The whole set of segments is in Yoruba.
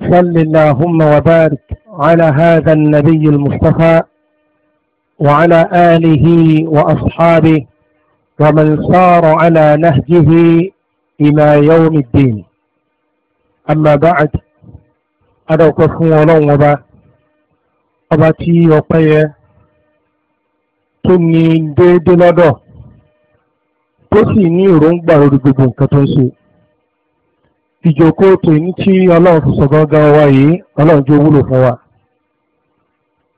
صل اللهم وبارك على هذا النبي المصطفى وعلى آله وأصحابه ومن سار على نهجه إلى يوم الدين أما بعد أدوك فون ولون وبا أباتي وقيا تنين ديد لدو تسيني رنبا ورقبون كتنسي ìjókòó tèmi tí ọlọ́run fi sọ̀gán gan wa yìí ọlọ́run jẹ́ wúlò fún wa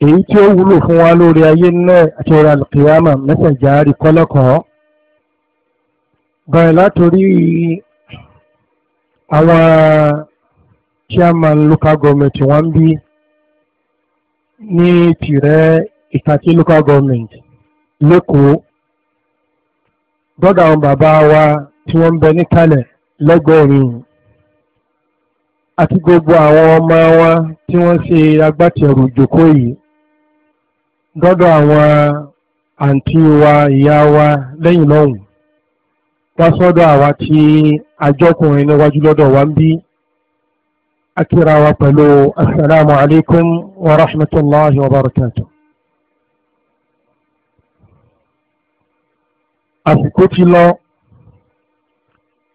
èyí tí ó wúlò fún wa lórí ayé náà àti ọ̀rọ̀ alùkìyàmà mẹ́sàgì àárí kọ́lọ́kọ̀ọ́ bẹ̀rẹ̀ látòrí àwọn chairman local government wọ́n bí ní tìrẹ́ ìkàtí local government lẹ́kọ̀ọ́ gbọ́dọ̀ àwọn bàbá wa tí wọ́n ń bẹ níkàlẹ̀ lẹ́gọ̀ọ́ àti gbogbo àwọn ọmọ wa tí wọ́n ṣe agbátẹrù ìjókòó yìí dọ́dọ̀ àwọn àǹtí wa ìyá wa lẹ́yìn lọ́hùn wá sọ́dọ̀ àwa tí àjọkùnrin níwájú lọ́dọ̀ wa ń bí akíra wa pẹ̀lú asalaamu alaykum wa rahmatulahi wa barakatu. àsìkò ti lọ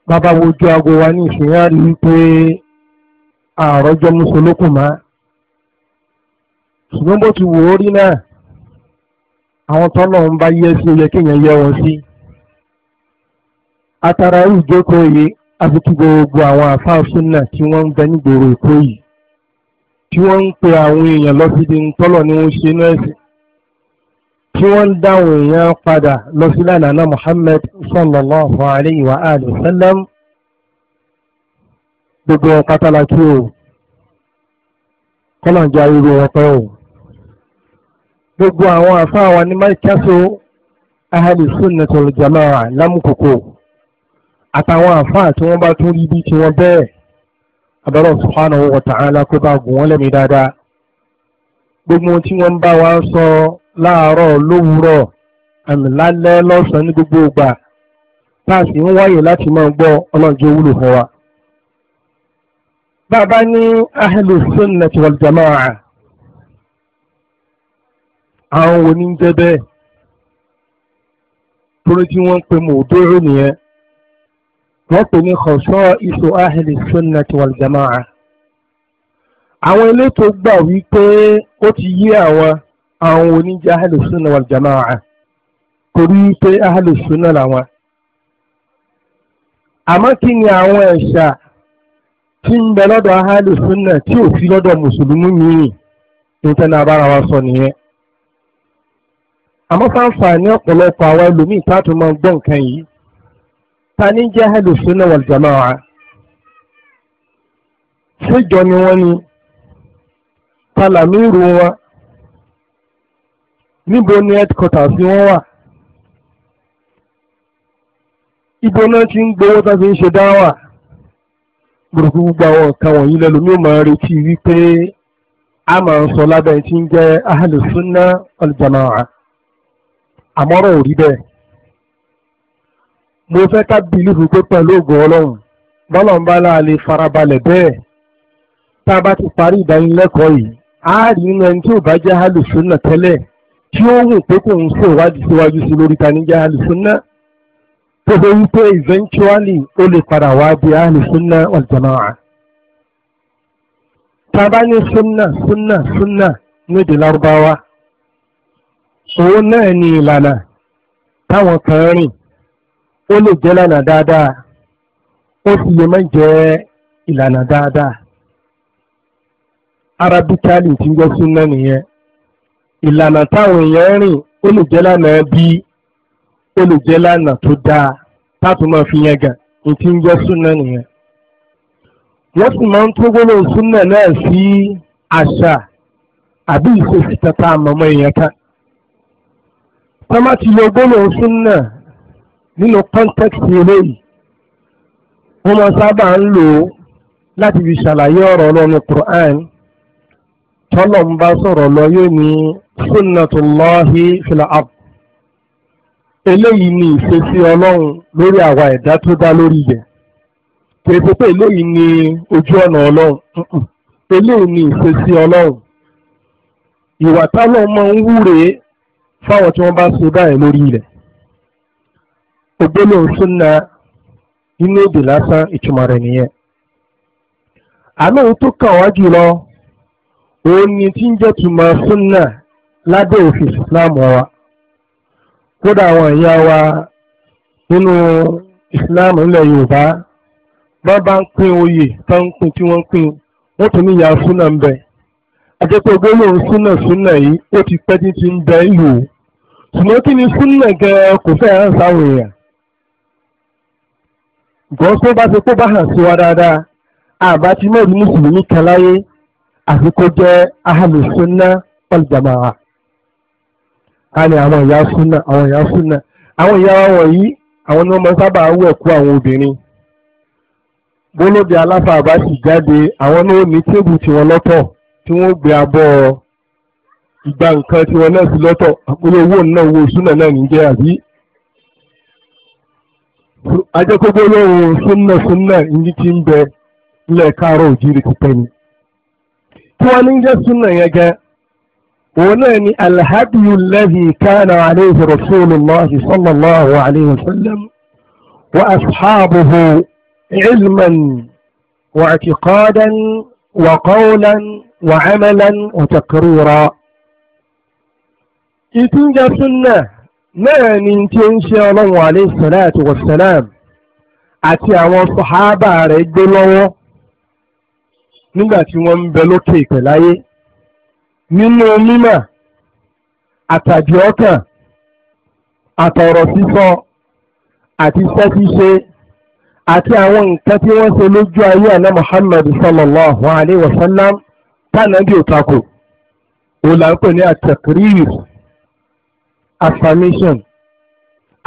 bàbá wojú aago wa ní ìsìnyá rí wípé àrọ́jọ́ mùsùlùkùn mọ́ ṣùgbọ́n bó ti wò ó rí náà àwọn tọ́lọ̀ ń bá yẹ sí ó yẹ kéèyàn yẹ wọn sí atara ìjókòó yìí àfi gbogbo àwọn àfáà súnà tí wọ́n ń bẹ nígboro èkó yìí tí wọ́n ń pe àwọn èèyàn lọ sí di ntọ́lọ̀ ni wọ́n ṣe inú ẹ̀sìn tí wọ́n ń dáhùn èèyàn padà lọ sí lánàá náà Muhammad sallallahu alayhi wa alihi wa sallam gbogbo wọn pátálà kí o kọ́lọ̀ ń jẹ́ ariwo wọn o gbogbo àwọn àfáà wa ní máìkẹ́sọ ahali sunnatul jamaa lámùkòkò àtàwọn àfáà tí wọ́n bá tún rí bí tiwọn bẹ́ẹ̀ abẹ́rẹ́ subhanahu wa ta'ala kó bá gùn wọ́n lẹ́mìí dáadáa gbogbo tí wọ́n bá wa sọ láàárọ̀ lówùúrọ̀ àmì lálẹ́ lọ́sàn-án ní gbogbo ìgbà táà sì ń wáyè láti máa gbọ́ ọlọ́njẹ́ wúlò fún wa bàbá ní ahlu sunnati wal jama'a àwọn wo ní ń jẹ́ bẹ́ẹ̀ torí tí wọ́n ń pe mòdúró nìyẹn wọ́n pè ní khasaisu ahli sunnati wal jama'a àwọn elétò gbà wípé ó ti yé àwọn àwọn oníjẹ ahli sunnati wal jama'a torí pé ahli sunnati làwọn àmọ́ kí ni àwọn ẹ̀ṣà tí ń bẹ lọ́dọ̀ ahálù súnà tí ò sí lọ́dọ̀ mùsùlùmí mìíràn tó tẹ́lẹ̀ abára wa sọ nìyẹn. àmọ́ fáǹfààní ọ̀pọ̀lọpọ̀ àwọn ẹlòmíì táàtò máa ń gbọ́ nǹkan yìí ta ní jẹ́ ahálù súnà wal jamaa síjọ ni wọ́n ní talamiru wọn níbo ni headquarters wọn wà ibo náà ti ń gbowó tó fi ń ṣe dáwà gbogbo gbogbo àwọn nǹkan wọ̀nyí lẹ́nu mi ò máa retí wípé a máa ń sọ lábẹ́ tí ń jẹ́ ahlu sunna wal jamaa àmọ́rọ̀ ò rí bẹ́ẹ̀ mo fẹ́ ká bìlífù pé pẹ̀lú ògùn ọlọ́run bọ́lá ń bá láàlè farabalẹ̀ bẹ́ẹ̀ tá a bá ti parí ìdánilẹ́kọ̀ọ́ yìí a rí nínú ẹni tí ò bá jẹ́ ahlu sunna tẹ́lẹ̀ tí ó wù pé kò ń ṣèwádìí síwájú sí lórí ta ní jẹ́ ahlu sunna tó ṣe wípé eventually ó lè padà wá di ahlu sunna wal jamaa tábà ní sunna sunna sunna nídìí lárúbáwá òun náà ni ìlànà táwọn kan rìn ó lè jẹ́ lànà dáadáa ó sì lè má jẹ́ ìlànà dáadáa arabicali ti ń jẹ́ sunna nìyẹn ìlànà táwọn èèyàn rìn ó lè jẹ́ lànà bíi ó lè jẹ́ lánàá tó dáa táàtò máa fi yẹn gà ní ti ń jẹ́ súnà nìyẹn. wọ́n sì máa ń tó gbólóhùn súnà náà sí àṣà àbí ìṣesí tata àmọ́mọ́ èèyàn ká. tá má ti yọ gbólóhùn súnà nínú kọ́ńtẹ́kìtì eléyìí wọ́n máa sábà ń lò ó láti fi ṣàlàyé ọ̀rọ̀ ọlọ́run Qur'an tọ́lọ̀ ń bá sọ̀rọ̀ lọ yóò ní sunnatullahi fil ard eléyìí ni ìṣesí ọlọ́run lórí àwa ẹ̀dá tó dá lórí yẹ kèéfé pé eléyìí ni ojú ọ̀nà ọlọ́run eléyìí ni ìṣesí ọlọ́run ìwà táwọn máa ń wúre fáwọn tí wọ́n bá so báyìí lórí ilẹ̀ ògbólóhùn súnà nínú èdè lásán ìtumọ̀ rẹ̀ nìyẹn àmọ́ ohun tó kàn wá jùlọ òun ni tí ń jẹ́ tùmọ̀ súnà lábẹ́ òfin Islam wa kódà àwọn ìyá wa nínú ìsìláàmù ilẹ̀ yorùbá wọ́n bá ń pín oyè tó ń pín tí wọ́n ń pín wọ́n tún ní ìyá súnà ń bẹ àjẹpọ̀ gbólóhùn súnà súnà yìí ó ti pẹ́ tí ti ń bẹ ìlú ṣùgbọ́n kí ni súnà gan-an kò fẹ́ hàn sáwọn èèyàn gbọ́n tó bá ti kó bá hàn sí wa dáadáa àbá ti mọ̀ ní mùsùlùmí kan láyé àfi jẹ́ ahàlùsúnà wal jamaa. ká ní àwọn ìyá súnà àwọn ìyá súnà àwọn ìyá wọ̀nyí àwọn ni wọ́n máa sábà àwọn obìnrin bólóde aláfa àbá jáde àwọn náà ní tébù tiwọn lọ́tọ̀ tí wọ́n gbé abọ́ ìgbà nǹkan tiwọn náà sí lọ́tọ̀ àpòlò owó náà owó súnà náà ní jẹ́ àbí lóhùn súnà súnà ní ti ń bẹ ilẹ̀ káàárọ̀ òjì rẹ̀ ti tẹ̀ ni. wọ́n ní jẹ́ ولن الهدي الذي كان عليه رسول الله صلى الله عليه وسلم وأصحابه علما واعتقادا وقولا وعملا وتقريرا إذن جاء سنة ما من تنشي الله عليه الصلاة والسلام اتيا عن الصحابة رجل الله نبات ومبلوكي كلايه nínú mímọ̀ àtàdì ọkàn àtọ̀rọ̀ sísọ àti iṣẹ́ ṣíṣe àti àwọn nǹkan tí wọ́n ṣe lójú ayé àná Muhammad sallallahu alayhi wa sallam tánàbí òtakò òun là ń pè ní àtẹ̀kírìrì affirmation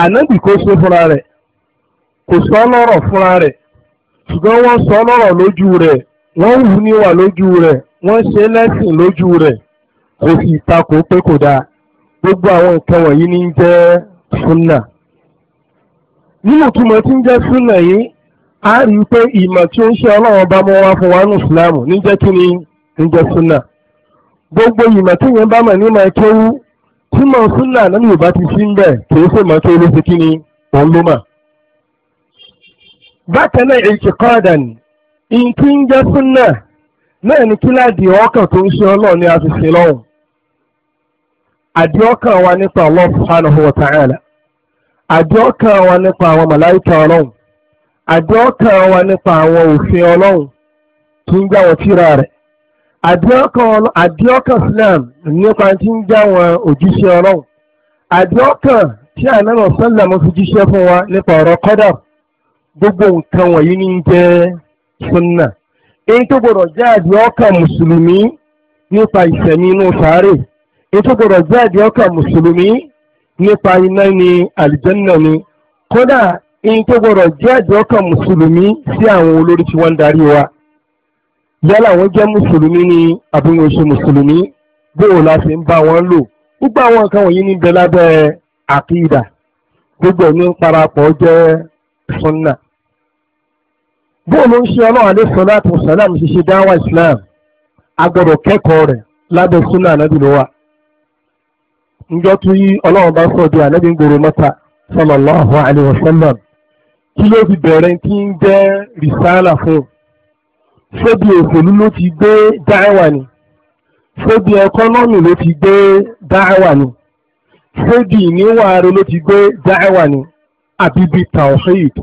ànábì kò ṣe fúnra rẹ̀ kò sọ lọ́rọ̀ fúnra rẹ̀ ṣùgbọ́n wọ́n sọ lọ́rọ̀ lójú rẹ̀ wọ́n wù níwà lójú rẹ̀ wọ́n ṣe lẹ́sìn lójú rẹ̀ kò sì takò pé kò dáa gbogbo àwọn nǹkan wọ̀nyí ní ń jẹ́ súnà nínú túmọ̀ tí ń jẹ́ súnà yìí a rí i pé ìmọ̀ tí ó ń ṣe ọlọ́run bá mọ́ wá fún wa ní ìsìláàmù ní jẹ́ kí ni ń jẹ́ súnà gbogbo ìmọ̀ tí yẹn bá mọ̀ ní máa kéwú tí mọ̀ súnà náà yóò bá ti sí ń bẹ̀ kì í ṣe mọ̀ kéwú ló ṣe kí ni òun ló mà. bákan náà èkì kọ́ọ̀dà ní ìkí ń jẹ́ súnà náà ní kíláàdì ọkàn tó ń ṣe ọlọ́run ni àdìọ́kàn wa nípa Allah subhanahu wa ta'ala àdìọ́kàn wa nípa àwọn màláìkà ọlọ́run àdìọ́kàn wa nípa àwọn òfin ọlọ́run tí ń jáwọ́ tíra rẹ̀ àdìọ́kàn Islam nípa tí ń jáwọ́ òjíṣẹ́ ọlọ́run àdìọ́kàn tí ànábì sálàmù fi jíṣẹ́ fún wa nípa ọ̀rọ̀ kọ́dà gbogbo nǹkan wọ̀nyí ní jẹ́ sunna èyí tó gbọdọ̀ jẹ́ mùsùlùmí nípa ìṣẹ̀mí inú ètò gbọdọ̀ jẹ́ àdìẹ ọkàn mùsùlùmí nípa iná ni àlìjẹ́nà ni kódà èyí tó gbọdọ̀ jẹ́ àdìẹ ọkàn mùsùlùmí sí àwọn olórí tí wọ́n ń darí wa yálà wọ́n jẹ́ mùsùlùmí ni àbí wọn ṣe mùsùlùmí bóò la fi ń bá wọn lò gbogbo àwọn nǹkan wọ̀nyí ní bẹ lábẹ́ àkídà gbogbo ẹ̀mí ń parapọ̀ jẹ́ sunna bóò ló ń ṣe ọlọ́run alẹ́ sọ́lá àtúnṣe aláàmì ṣiṣẹ́ dáwà Islam a kẹ́kọ̀ọ́ rẹ̀ lábẹ́ sunna ànábìlówà njọ́ tún yí ọlọ́run bá sọ di ànábì ń gbòòrò mọ́ta sallallahu alaihi wasallam kí ló fi bẹ̀rẹ̀ kí ń jẹ́ rìsáàlà fún ṣébi òṣèlú ló ti gbé dáhàwá ni ṣébi ẹkọ́nọ́mì ló ti gbé dáhàwá ni ṣébi ìníwàáre ló ti gbé dáhàwá ni àbíbi tawhid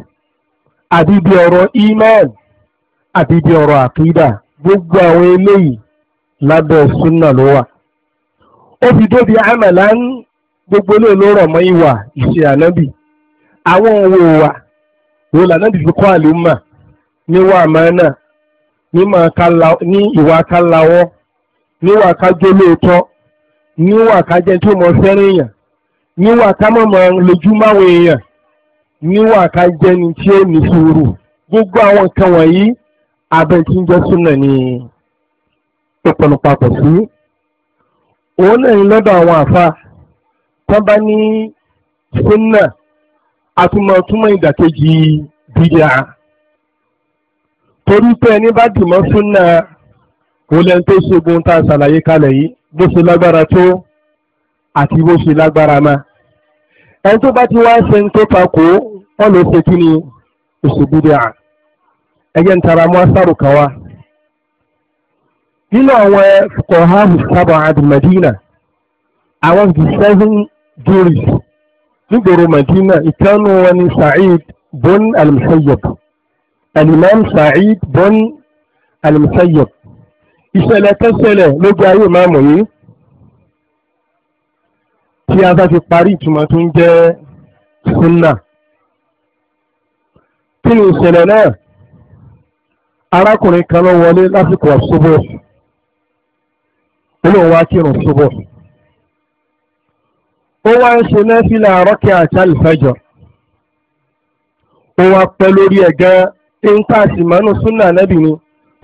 àbíbi ọ̀rọ̀ iman àbíbi ọ̀rọ̀ àkídà gbogbo àwọn eléyìí lábẹ́ sunna ló wà ó fi dóbi àmàlà ń gbogbo náà ló rọ̀ mọ́ ìwà ìṣe ànábì àwọn òwò wà wò lànábì fi kọ́ àlùmà níwà àmánà ní ìwà kálawọ́ níwà kájọ́ lóòótọ́ níwà kájẹ́ tó mọ fẹ́ràn èèyàn níwà kámọ̀mọ́ lójúmáwò èèyàn níwà kájẹ́ ni tí ó ní sùúrù gbogbo àwọn nǹkan wọ̀nyí abẹ́ tí ń jẹ́ súnà ní ọ̀pọ̀lọpọ̀ àpọ̀ òun náà ní lọ́dọ̀ àwọn àfa tán bá ní sunna atúmọ̀túmọ̀ ìdàkejì bídíà torí pé ẹni bá dìmọ̀ sunna òun lẹ́nu tó ṣe tá a ṣàlàyé kalẹ̀ yìí bó ṣe lágbára tó àti bó ṣe lágbára ma ẹni tó bá ti wá ṣe ń tó takò wọn ló ṣe kí ni òṣèbídíà ẹgbẹ́ ń tara mọ́ sárùkà wa nínú àwọn kọ̀hámù sábà àti Madina àwọn the seven juries nígboro Madina ìkànnù wọn ni Sa'id bon al-Musayyab alimam Sa'id bon al-Musayyab ìṣẹ̀lẹ̀ kẹsẹ̀lẹ̀ lójú ayé ìmáàmù yìí tí a bá fi parí ìtumọ̀ tó ń jẹ́ sunna kí ni ìṣẹ̀lẹ̀ náà arákùnrin kan ló wọlé lásìkò àṣubọ̀ olóhùn wá kírun ṣubú ó wá ń ṣe nẹ́fìlà rọ́kẹ́ àti àlùfẹ́jọ ó wá pẹ́ lórí ẹ̀ gan ẹ̀ńtà àtìmọ́nù súnà nẹ́bì ni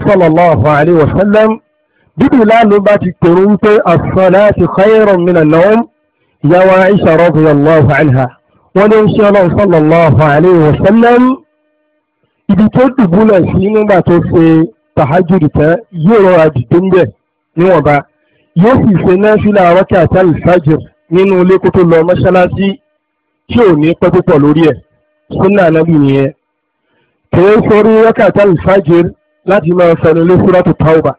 sallallahu alaihi wasallam bíbí láàlú bá ti pèrún wípé as-salatu khayrun minan nawm ìyàwó Aisha radiyallahu anha wọ́n ní ń ṣe ọlọ́run sallallahu alaihi wasallam ibi tó dùbúlẹ̀ sí nígbà tó ṣe tahajjud tẹ́ yóò rọra dìde níwọ̀nba yóò sì ṣe náfìlà rákàtà al-fajr nínú ilé kó tó lọ mọ́ṣáláṣí tí ò ní pẹ́ púpọ̀ lórí ẹ̀ sunna anábì nìyẹn kìí sórí rákàtà al-fajr láti máa fẹnu lé suratu tauba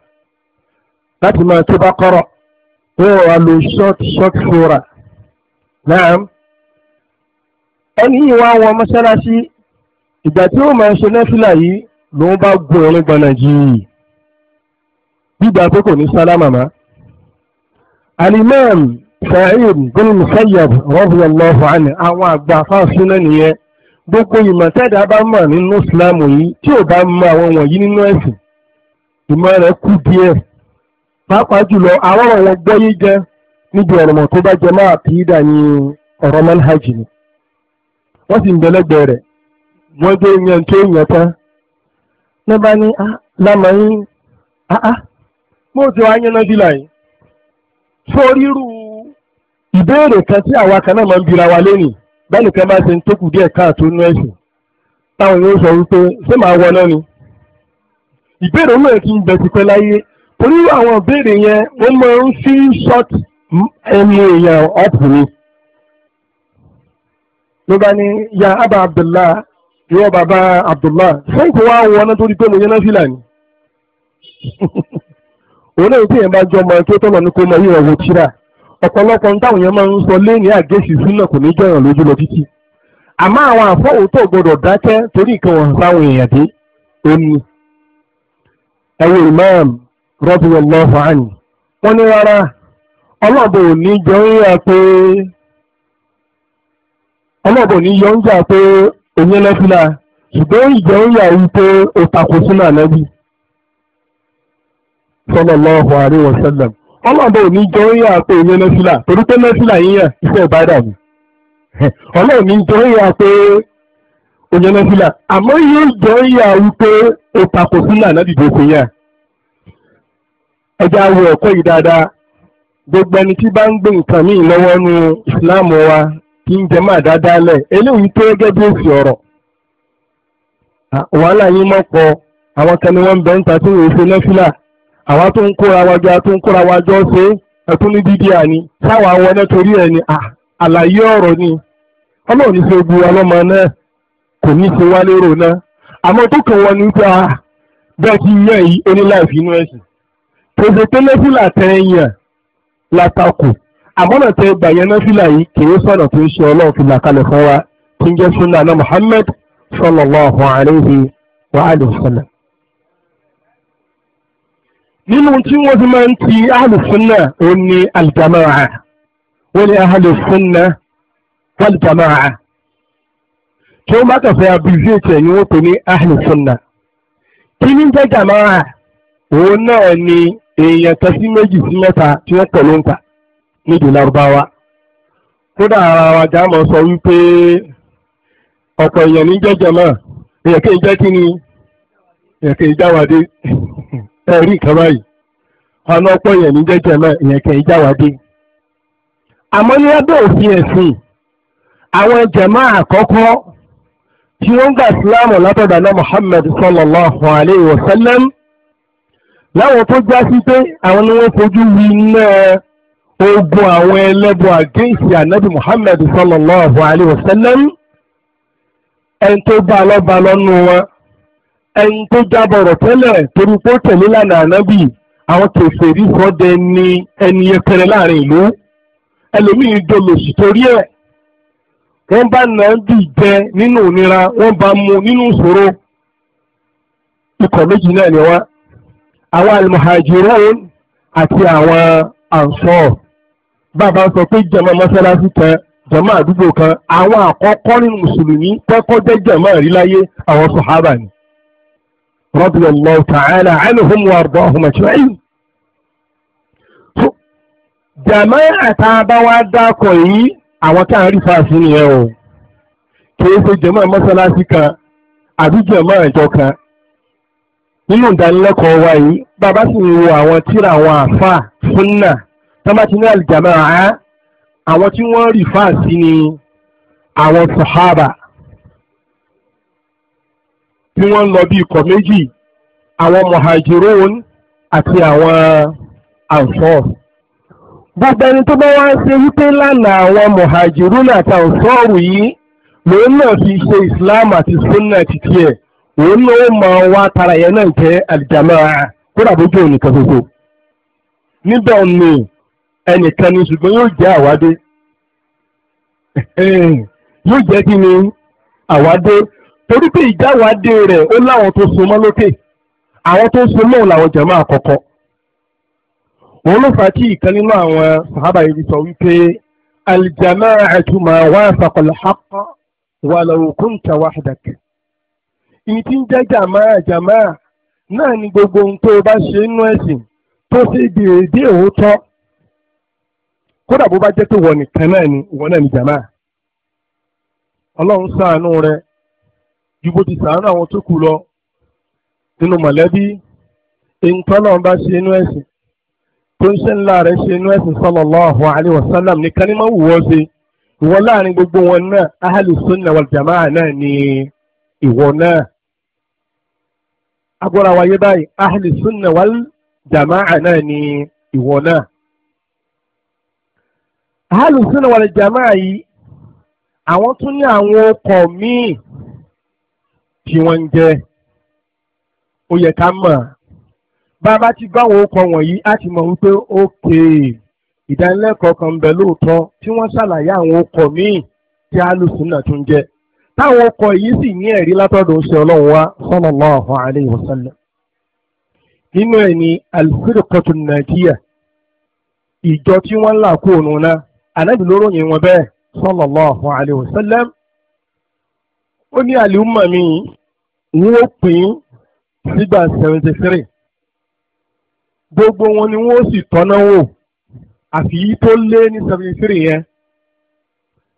láti máa tó bá kọ́rọ̀ wọ́n wà lò short short sura naam ẹni ìwà wọn mọ́ṣáláṣí ìgbà tí ó máa ṣe náfìlà yìí lòun bá gun ẹ̀rín gbọ́nà jì í gbígbà pé kò ní sálámà máa. alimam Sa'id bin Musayyab radiyallahu anhu àwọn àgbà fásunà nìyẹn gbogbo ìmọ̀ tẹ́dá bá mọ̀ nínú yìí tí ò bá mọ àwọn wọ̀nyí nínú ẹ̀sìn ìmọ̀ rẹ̀ kú díẹ̀ pàápàá jùlọ àwọn ọ̀rọ̀ gbọ́yé jẹ́ níbi tó bá jẹ máa kì í dà ní ọ̀rọ̀ manhaj ni wọ́n sì ń bẹ̀lẹ́gbẹ̀ rẹ̀ wọ́n yan tó yàn tán sórírú ìbéèrè kan tí àwa kan náà máa ń bira wa lónìí bẹ́ẹ̀ nìkan bá ṣe ń tókù díẹ̀ káàtó nú ẹ̀sìn táwọn yóò sọ wípé ṣé màá wọ náà ni ìbéèrè náà ti ń bẹ tipẹ́ láyé torí àwọn ìbéèrè yẹn wọ́n máa ń fi short ẹnu èèyàn ọ̀pù ni ló bá ní ya abba abdullah yóò bàbá abdullah ṣé ìkó wa wọ náà torí pé mo yẹn náà fìlà ni. òun náà tí bá jọ ọmọ ike ó tọ́lọ̀ ní kó mọ yíyọ̀ wò tíra ọ̀pọ̀lọpọ̀ ń nsọ èèyàn máa ń sọ léèní àgéṣì sínú kò ní jọyàn lójú lọ títí àmọ́ àwọn àfọwòtó gbọdọ̀ dákẹ́ torí nǹkan wọn sáwọn èèyàn dé òní ẹ̀wọ̀ imam radiyallahu anhu wọ́n ní rárá ọlọ́ọ̀bù ò ní jọ ń yà pé ọlọ́ọ̀bù pé òun ṣùgbọ́n sallallahu alaihi wasallam ọlọ́ọ̀bẹ ò ní jọ ń yà pé ìyẹn nẹ́fìlà torí pé nẹ́fìlà yín yà iṣẹ́ ìbádà ni ọlọ́ọ̀ ní jọ ń yà pé ìyẹn àmọ́ yóò jọ sílà náà dìde ẹja yìí dáadáa gbogbo ẹni wa kí ń jẹ́ máa dáadáa lẹ̀ eléyìí tó gẹ́gẹ́ bí èsì ọ̀rọ̀ wàhálà yín mọ̀ pọ̀ àwọn ń àwa tó ń kóra wájọ a tó ń kóra wájọ ṣe ẹtún ní dídí àní sáwọn àwọn ẹnẹtorí ẹ ni àlàyé ọ̀rọ̀ ni Ọlọ́run ní ṣe gbogbo ọlọ́mọ náà kò ní ṣe wá lérò náà àmọ́ tó kàn wọ́n nípa bẹ́ẹ̀ tí yẹn yìí ó ní láìfi inú ẹ̀sìn tòṣe tẹ́lẹ̀ fúlà tẹ̀yìn látakò àmọ́nà tẹ gbà yẹn náà fìlà yìí kìí sọ̀nà tó ń ṣe Ọlọ́run fìlà kalẹ̀ fún wa tí ń jẹ́ sunna náà Muhammad sallallahu alayhi wa alihi wa sallam nínú tí wọ́n fi máa ń ti ahlùsúnà òun ni alìjàmáà wọ́n ni ahlùsúnà wàlìjàmáà tí wọ́n bá kàfẹ́ abúlé ẹ̀ ni wọ́n pè ní ahlùsúnà kí ní jẹ́ jàmáà òun náà ni èèyàn kan sí méjì sí mẹ́ta tí wọ́n pẹ̀lú ń pa nídìí lárúbáwá kódà ara wa jámọ̀ sọ wípé ọ̀pọ̀ èèyàn ní jẹ́ jàmáà èèyàn kì í jẹ́ kí ni èèyàn kì í jáwádé. ẹ̀rí nǹkan báyìí ọ̀nà ọ̀pọ̀ yẹn ní jẹ́jẹ́ náà ìyẹn kẹ́ ìjà wá dé. àmọ́ ní abẹ́ òfin ẹ̀sìn àwọn jẹ̀mọ́ àkọ́kọ́ tí wọ́n gba ìsìláàmù látọ̀dọ̀ náà Muhammad sallallahu alayhi wa sallam láwọn tó já sí pé àwọn ni wọ́n fojú wí náà ogun àwọn ẹlẹ́bùn àgẹ́sì ànábì Muhammad sallallahu alayhi wa ẹni tó bá lọ́ba lọ́nu wọn. ẹyin tó jábọ̀rọ̀ tẹ́lẹ̀ torí pé ó tẹ̀lé lànà ànábì àwọn ní ẹni yẹpẹrẹ láàrin ìlú ẹlòmíín dolòṣì torí ẹ̀ wọ́n bá nàbì jẹ nínú ìnira wọ́n bá mu nínú ìṣòro ikọ̀ méjì náà ni wá àwọn ati àti àwọn ansọ bàbá sọ pé jàmá mọ́sálásí kan jàmá àdúgbò kan àwọn àkọ́kọ́ nínú mùsùlùmí kọ́kọ́ jẹ́ jàmá àríláyé àwọn ni. رضي الله تعالى عنهم وارضاهم اجمعين jàmáà tá a bá wá dákọ̀ yìí àwọn tá a rí fàásì nìyẹn o kìí ṣe jàmáà mọ́sálásí kan àbí jàmáà ìjọ kan nínú ìdánilẹ́kọ̀ọ́ wa yìí bàbá sì ń wo àwọn tíra àwọn àfà súnà tọ́mátì ní àlìjàmáà àwọn tí wọ́n rí fàásì ni àwọn sàhábà. bí wọ́n ń lọ bí ikọ̀ méjì àwọn mohajirun àti àwọn ansor gbogbo ẹni tó bá wá ń ṣe wípé lánàá àwọn mohajirun àti ansor yìí lòun náà fi ṣe islam àti sunna títí ẹ̀ òun náà máa wá tara náà jẹ́ aljamaa níbẹ̀ ni yóò jẹ́ àwádé yóò jẹ́ àwádé torí pé ìjáwádé rẹ̀ ó láwọn tó so mọ́ lókè àwọn tó so mọ́ làwọn jàmáà O wọn ló fà á kí ìkan nínú àwọn sàhábà yìí sọ wípé ma wafaqa al-haqqa walau kunta ìyí tí ń jẹ́ náà ni gbogbo ohun tó o bá ṣe nínú ẹ̀sìn tó ṣe òótọ́ kódà bó bá jẹ́ pé nìkan náà ni wọ́n ju bó ti sàánú àwọn tó kù lọ nínú mọ̀lẹ́bí ìǹtọ́nà bá ṣe inú ẹ̀sìn tó ń ṣe ńlá rẹ̀ ṣe inú ẹ̀sìn sallallahu alaihi wasallam nìkan ní máa wù wọ́n ṣe ìwọ láàrin gbogbo wọn náà ahlu sunna wal jamaa náà ni ìwọ náà agbára wáyé báyìí ahlu sunna wal jamaa náà ni ìwọ náà ahlu sunna wal jamaa yìí àwọn tún ní àwọn ọkọ̀ míì tí wọ́n ń jẹ́ ó yẹ ká mọ̀ bá a bá ti bá àwọn okọ̀ wọ̀nyí á ti mọ̀ wípé ókè ìdánilẹ́kọ̀ọ́ kan ń bẹ lóòótọ́ tí wọ́n ṣàlàyé àwọn okọ̀ míì tí alùsùnà tún jẹ́ táwọn okọ̀ yìí sì ní ẹ̀rí látọ̀dọ̀ ṣe ọlọ́run wa sallallahu alayhi wa sallam nínú ẹ̀ ni alfirqatu najiya ìjọ tí wọ́n ń là kó òun náà ànábì ló wọn bẹ́ẹ̀ sallallahu alayhi wa sallam ó ní àlùmọ̀ mi wọ́n ó pín nígbà seventy three gbogbo wọn ni wọ́n ó sì tọ́ná wò àfi yí tó lé ní seventy three yẹn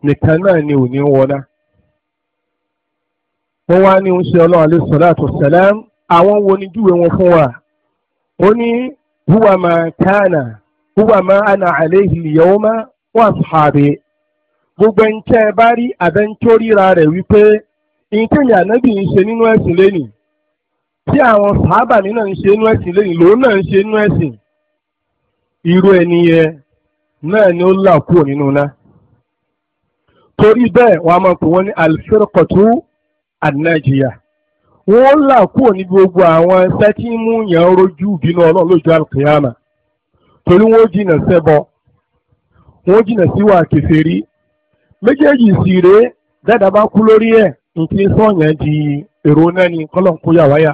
nìkan náà ni ò ní wọlá wọ́n wá ní oúnjẹ ọlọ́run alẹ́ sọ́láàtù sẹ́lẹ̀m àwọn wo ni júwe wọn fún wa ó ní huwa ma kana huwa ma ana alayhi al-yawma wa ashabi gbogbo ẹnìkẹ́ bá rí àbẹ́ńtóríra rẹ̀ wípé ìkéyìí ànábì ń ṣe nínú ẹ̀sìn lẹ́nìí tí àwọn sàábà mi ń ṣe nínú ẹ̀sìn lẹ́nìí lòun náà ń ṣe nínú ẹ̀sìn irú náà ni ó là kúrò nínú iná torí bẹ́ẹ̀ wọ́n á máa pè wọ́n ní alifirikọ̀tù anájíyà wọ́n là kúrò ní gbogbo àwọn sẹ́tìmù yẹn rojú ìbínú ọlọ́run lójú alùpùpù torí wọ́n jìnnà sẹ́bọ wọ́n méjèèjì nti sọ̀yàn di èrò náà ni kọ́lọ̀ ya yà wáyà.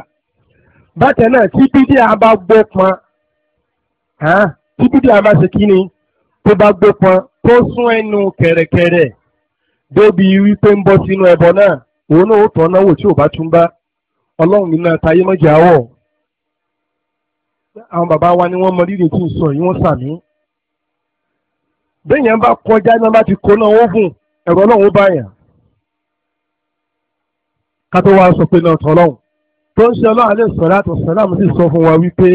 bákan náà tí bídí a bá gbé pọn tó bá pọn tó sún ẹnu kẹ̀rẹ̀kẹ̀rẹ̀ débi wípé ń bọ́ sínú ẹbọ náà òun náà ó tọ́ náwó tí ò bá tún bá ọlọ́run nínú mọ́jà ni wọ́n mọ rírì tí ń sọ yìí wọ́n sàmí. bẹ́ẹ̀ bá kọjá ti kó náà ẹ̀rọ ọlọ́run ó bá ká tó wá sọ pé náà tọ́lọ́hùn tó ń ṣe ọlọ́run sọ̀rọ̀ àtọ̀ sọ fún wa wípé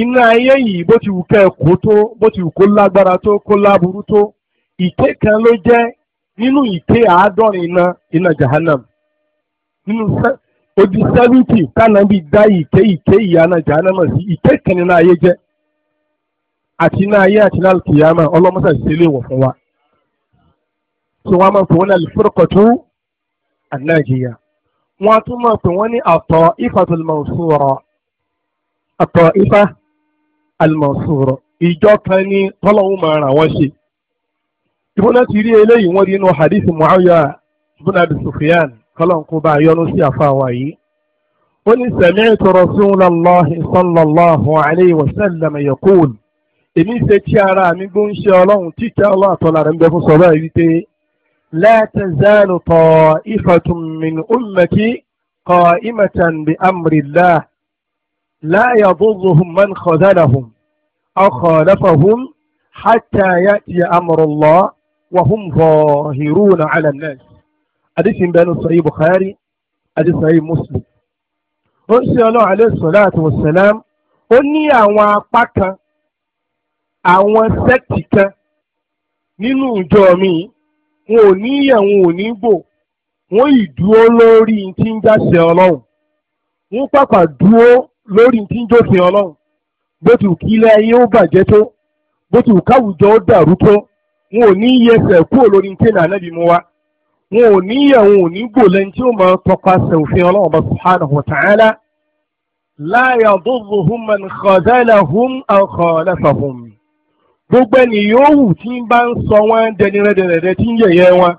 iná ayé yìí bó ti wù kẹ́ ẹ kó tó bó ti wù kó lágbára tó kó láburú tó ìké kan ló jẹ́ nínú ìké àádọ́rin iná iná jahannam nínú odi sẹ́fìtì kánàbí dá ìké ìké ìyá náà jahannam sí ìké kan iná ayé jẹ́ àti iná ayé àti iná kìyàmà wọ̀ fún wa. tí wọ́n máa náà lè wọn a tún máa pè wọ́n ní àtọ̀ ifá tòlùmọ̀sùrọ̀ àtọ̀ ifá àlùmọ̀sùrọ̀ ìjọ kan ní tọ́lọ́hún máa ràn wọ́n ṣe. ìbúná ti rí eléyìí wọ́n rí inú hadith muawiya ibn abi sufyan kọ́lọ́nkú bá a yọnu sí àfàwà yìí. ó ní sami'tu rasulallahi sallallahu alayhi wa sallam yaqul èmi ṣe tí ara mi gbóhùn ṣe ọlọ́run títí ọlọ́ àtọ́lá rẹ̀ ń bẹ fún sọ báyìí لا تزال طائفة من أمتي قائمة بأمر الله لا يضرهم من خذلهم أو خالفهم حتى يأتي أمر الله وهم ظاهرون على الناس حديث بين صحيح بخاري حديث صحيح مسلم ó ṣe ọlọ́run alẹ́ sọ́láàtì wọ̀sálàm ó ní àwọn apá kan àwọn sẹ́ẹ̀tì kan nínú ìjọ mi wọn ò ní yẹ̀ wọn ò ní gbò wọn ì dúró lórí tí ń jáṣẹ ọlọ́run wọn pàpà dúró lórí tí ń jófin ọlọ́run bó ti kí ilé ayé ó bàjẹ́ tó bó ti káwùjọ ó dàrú tó wọn ò ní yẹsẹ̀ kúrò lórí tí ìlànà ànábì mú wá wọn ò ní yẹ̀ wọn ò ní gbò lẹ́yìn tí ó máa tọpasẹ̀ òfin ọlọ́run ọba subhanahu wa ta'ala la yadurruhum man khadhalahum aw khalafahum. gbogbo ẹni yòówù tí ń bá ń sọ wọn dẹni rẹdẹrẹdẹ tí ń yẹ̀yẹ́ wọn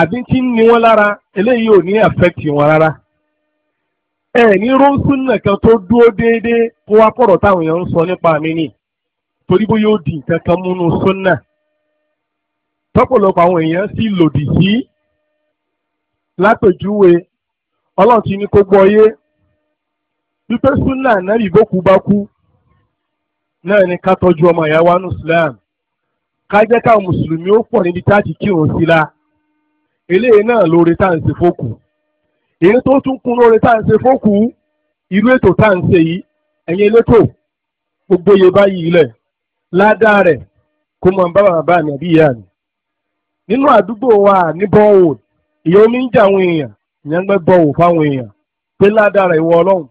àbí tí ń ni wọn lára eléyìí ò ní àfẹ́tì wọn rárá. ẹ ní rọ́ọ̀sùn nìkan tó dúró déédéé kó wá pọ̀rọ̀ táwọn èèyàn ń sọ nípa mi nì torí bó yóò di nǹkan kan múnú súnà tọ́pọ̀lọpọ̀ àwọn èèyàn sì lòdì sí látòjúwe ọlọ́run ti ní kó gbọ́ náà ni ká tọ́jú ọmọ ìyá wa ní Islam ká jẹ́ káwọn mùsùlùmí ó pọ̀ níbi tá kírun sí la eléyìí náà lóore tá à ń ṣe fókù èyí tó tún kún lóore tá à ń ṣe fókù irú ètò tá à ń ṣe yìí ẹ̀yin elétò gbogbo iye báyìí lẹ̀ ládàá rẹ̀ kó mọ̀ bá bàbá mi àbí ìyá mi nínú àdúgbò wa ní bọ́ọ̀wò ìyá omi ń jà àwọn èèyàn ìyẹn gbẹ́ bọ́ọ̀wò fáwọn èèyàn pé ládàá rẹ̀ ìwọ ọlọ́run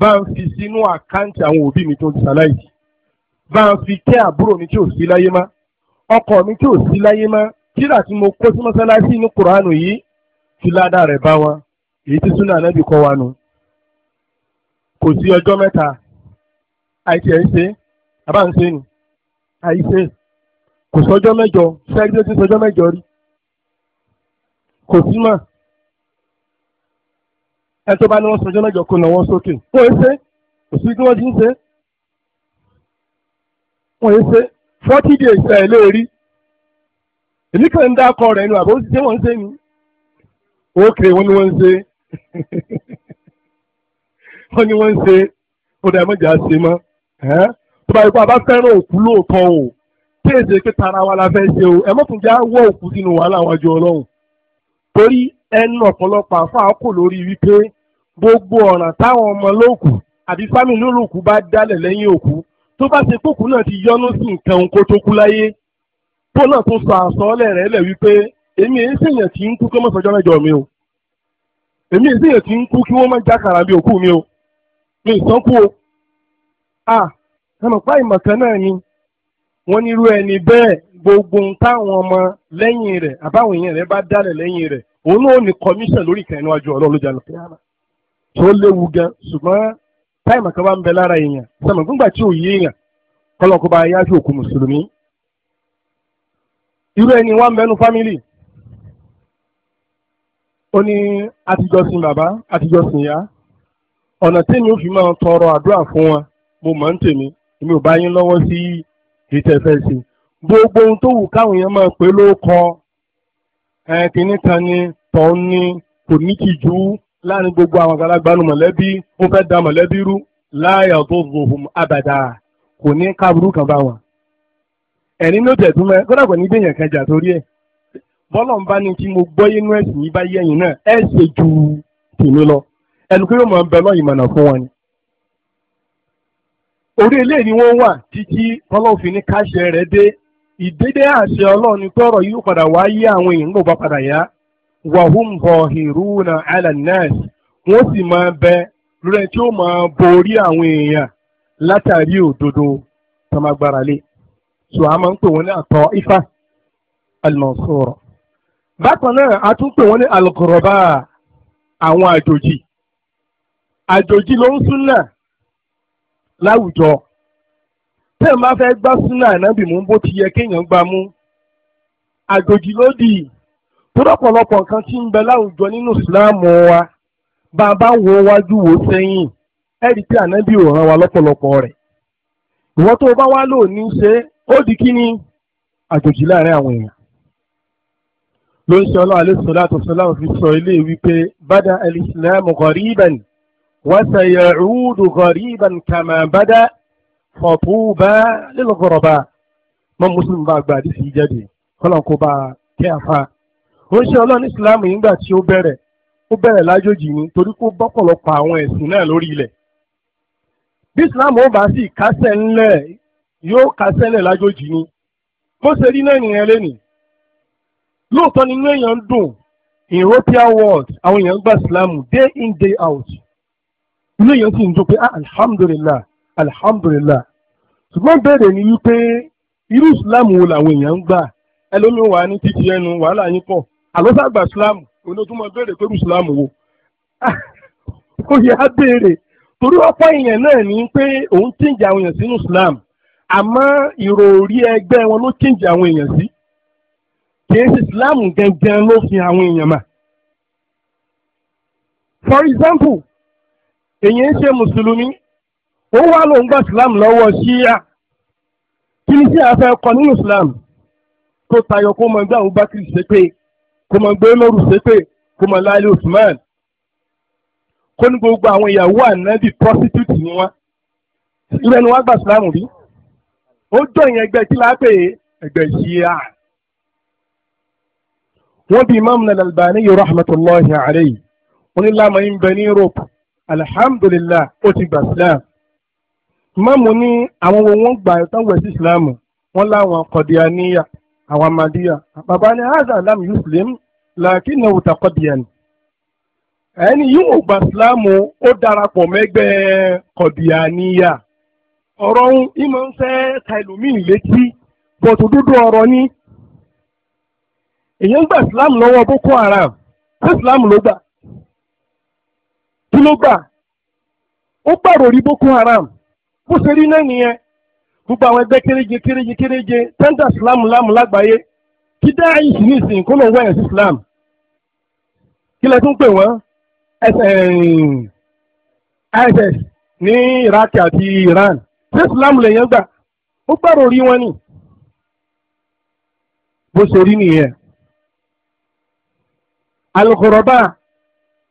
bá ń fi sínú àkáǹtì àwọn òbí mi tó ti ṣàlàyé bá ń fi kẹ́ àbúrò mi tí ò sí láyé má ọkọ mi tí ò sí láyé má tírà tí mo kó sí mọ́sálásí ní kuranu yìí ti ládàá rẹ̀ bá wọn èyí tí súnà anábì kọ́ wa nù kò sí ọjọ́ mẹ́ta àìsí ẹ̀ ń ni. àbá ń ṣe nù àìsí kò sọjọ́ mẹ́jọ sẹ́gbẹ́ tí sọjọ́ mẹ́jọ rí kò sí mọ́ ẹ tó bá ní wọ́n sọjọ́ mẹ́jọ kó nà wọ́n sókè ó ń ṣe kò sí kí wọ́n ti ń ṣe. wọ́n yẹn ṣe forty days ẹ̀ léèrí èmi kàn ń dá ọkọ rẹ̀ nù àbó ṣe wọ́n ṣe ni wọ́n ní wọ́n ṣe wọ́n ní wọ́n ṣe ó a bá fẹ́ràn òkú lóòótọ́ o kéèsè pé tara wa la fẹ́ ṣe o ẹ já wọ́ òkú sínú wàhálà ọlọ́run torí ẹnu ọ̀pọ̀lọpọ̀ gbogbo ọ̀ràn táwọn ọmọ lóòkù àbí fámìlì bá dálẹ̀ lẹ́yìn tó bá ṣe kókù náà ti yọnu sí nǹkan òun kó tó kú láyé náà tó sọ àsọọ́lẹ̀ rẹ lẹ wípé èmi èyí sèèyàn tí ń kú kí mi o èmi èyí sèèyàn tí ń kú kí wọ́n jákàrà òkú mi o mi ìsán kú o à náà ni wọ́n ní irú ẹni bẹ́ẹ̀ gbogbo ọmọ lẹ́yìn rẹ̀ àbáwọn èèyàn rẹ̀ bá dálẹ̀ lẹ́yìn rẹ̀ òun náà ní kọmíṣẹ̀ lórí ìkànnì wájú ọlọ́ọ̀lọ́jà yàrá tó léwu gan ṣùgbọ́n táìmù kan bela ń bẹ lára èèyàn sọmọ fúngbà tí ò yé èèyàn kọlọ́kọ́ bá yá sí òkú mùsùlùmí irú ẹni wá ń bẹnu fámìlì ó ní àtijọ́sìn bàbá àtijọ́sìn ìyá ọ̀nà tẹ́mi ó fi máa tọrọ àdúrà fún wọn mo mọ̀ ń tèmi èmi ò bá yín lọ́wọ́ sí ìtẹ̀fẹ́ gbogbo ohun tó wù káwọn èèyàn máa pè ló ẹ kìíní ni tọ́ ni kò ní tìjú láàrin gbogbo àwọn àgbàlagbà nu mọ̀lẹ́bí mo fẹ́ da mọ̀lẹ́bí rú láyà tó zohùn abàdà kò ní káburú kan bá wọn. ẹ̀rín ló tẹ̀ tún kódà kò ní gbìyànjú kan jà torí mo gbọ́ inú ẹ̀sìn bá yé ẹ̀yìn náà ẹ̀ ṣe ju tèmi lọ ẹnu kí yóò máa bẹ lọ́yìn mọ̀nà fún wọn ni. orí ilé ni wọ́n wà títí ọlọ́ọ̀fin ní káṣẹ rẹ̀ dé ìdédé àṣẹ tọrọ yóò padà àwọn èèyàn ń gbọ́ wàhùn bọ̀hìrúnà alanas wọ́n sì máa bẹ lórí ẹni tí ó máa borí àwọn èèyàn látàrí òdodo tó máa gbára lé so a máa ń pè wọ́n ní àtọ ifá almansur bákan náà a tún pè wọ́n ní alukoroba àwọn àjòjì àjòjì ló ń súnà láwùjọ tẹ́ ẹ̀ máa fẹ́ gbá súnà ànábì mú bó ti yẹ kéèyàn gbá mú àjòjì ló dì í tọ́lọ́pọ̀lọpọ̀ nǹkan tí ń bẹ láwùjọ nínú ìsìláàmù wa bá a bá wo wájú wo sẹ́yìn ẹ rí i pé ànábì ò ràn wá lọ́pọ̀lọpọ̀ rẹ̀ ìwọ tó o bá wá lò ní ṣe ó di kí ni àjòjì láàrin àwọn èèyàn ló ń ṣe ọlọ́run alẹ́sọ̀láàtọ̀ sọláàmù fi sọ ilé wípé bada alìsìláàmù gọ̀ríbàn wàṣàyẹ̀rúdù gọ̀ríbàn kàmà bada fọ̀túbà lílọ́gọ̀rọ̀bà mọ́ mùsùlùmí bá gba bá ó ń ṣe ọlọ́run islam nígbà tí ó bẹ̀rẹ̀ ó bẹ̀rẹ̀ lájòjì ni torí kó bọ́pọ̀lọpọ̀ àwọn ẹ̀sìn náà lórí ilẹ̀ bí islam ó bá sì kásẹ̀ ńlẹ̀ yóò kásẹ̀ ńlẹ̀ lájòjì ni bó ṣe rí náà nìyẹn lé ní lóòótọ́ nínú èèyàn ń dùn in european world àwọn èèyàn ń gba islam day in day out inú èèyàn sì ń dùn pé ah, alhamdulillah alhamdulillah ṣùgbọ́n béèrè ni wípé irú islam wo làwọn èèyàn ń gbà ẹlòmíín wà ní títí ẹnu wàhálà yín pọ̀ àlọ́sàgbà islam onótúmọ̀ béèrè pé islam wo ó yẹ á béèrè torí ọ̀pọ̀ èèyàn náà ní pé òun tíǹjà àwọn èèyàn sínú islam àmọ́ ìròrí ẹgbẹ́ wọn ló tíǹjà àwọn èèyàn sí kìí ṣe islam gangan ló fi àwọn èèyàn mà for example èèyàn ń ṣe mùsùlùmí ó wá lóun gba islam lọ́wọ́ ṣíà kí ni ṣíà fẹ́ kọ nínú islam tó tayọ kó mọ ẹgbẹ́ àwọn bákìrì ṣe pé kó máa gbé mọ́rù sépè kó máa láàlẹ́ Usman kó ní gbogbo àwọn ìyàwó ànábì prostitute ni wọ́n irú ẹni wọ́n gbà sílámù rí ó jọ ìyẹn ẹgbẹ́ kí lápè ẹgbẹ́ ṣíà wọ́n bí imam al-Albani rahmatulahi alayhi wọ́n ní lámà ń bẹ ní Europe alhamdulillah ó ti gbà sílámù ìmáàmù ní àwọn ohun wọn gbà tán wẹ̀ ìsìlámù wọ́n láwọn kọ̀díà àwọn amadíyà bàbá ní haza lam yuslim làkínà taqadiyan ẹni yìí ò gba silamu ó darapọ̀ mẹ́gbẹ́ kọ̀dìyàníyà ọrọ ń ìmọ̀ ń fẹ́ ka ẹlòmíì létí dúdú ọrọ ni èyàn gba sílámù lọ́wọ́ boko haram ṣé sílámù ló gbà kí ló gbà ó rí boko haram bó ṣe rí náà nìyẹn gbogbo àwọn ẹgbẹ́ kéréje kéréje kéréje tẹ́ńdà sílámù lámù kí yìí sì ní kí lẹ tún pè wọ́n ISIS eh, ní Iraq àti Iran ṣé Islam lèyàn gbà ó gbàrò rí wọn ni bó ṣe rí nìyẹn alukoroba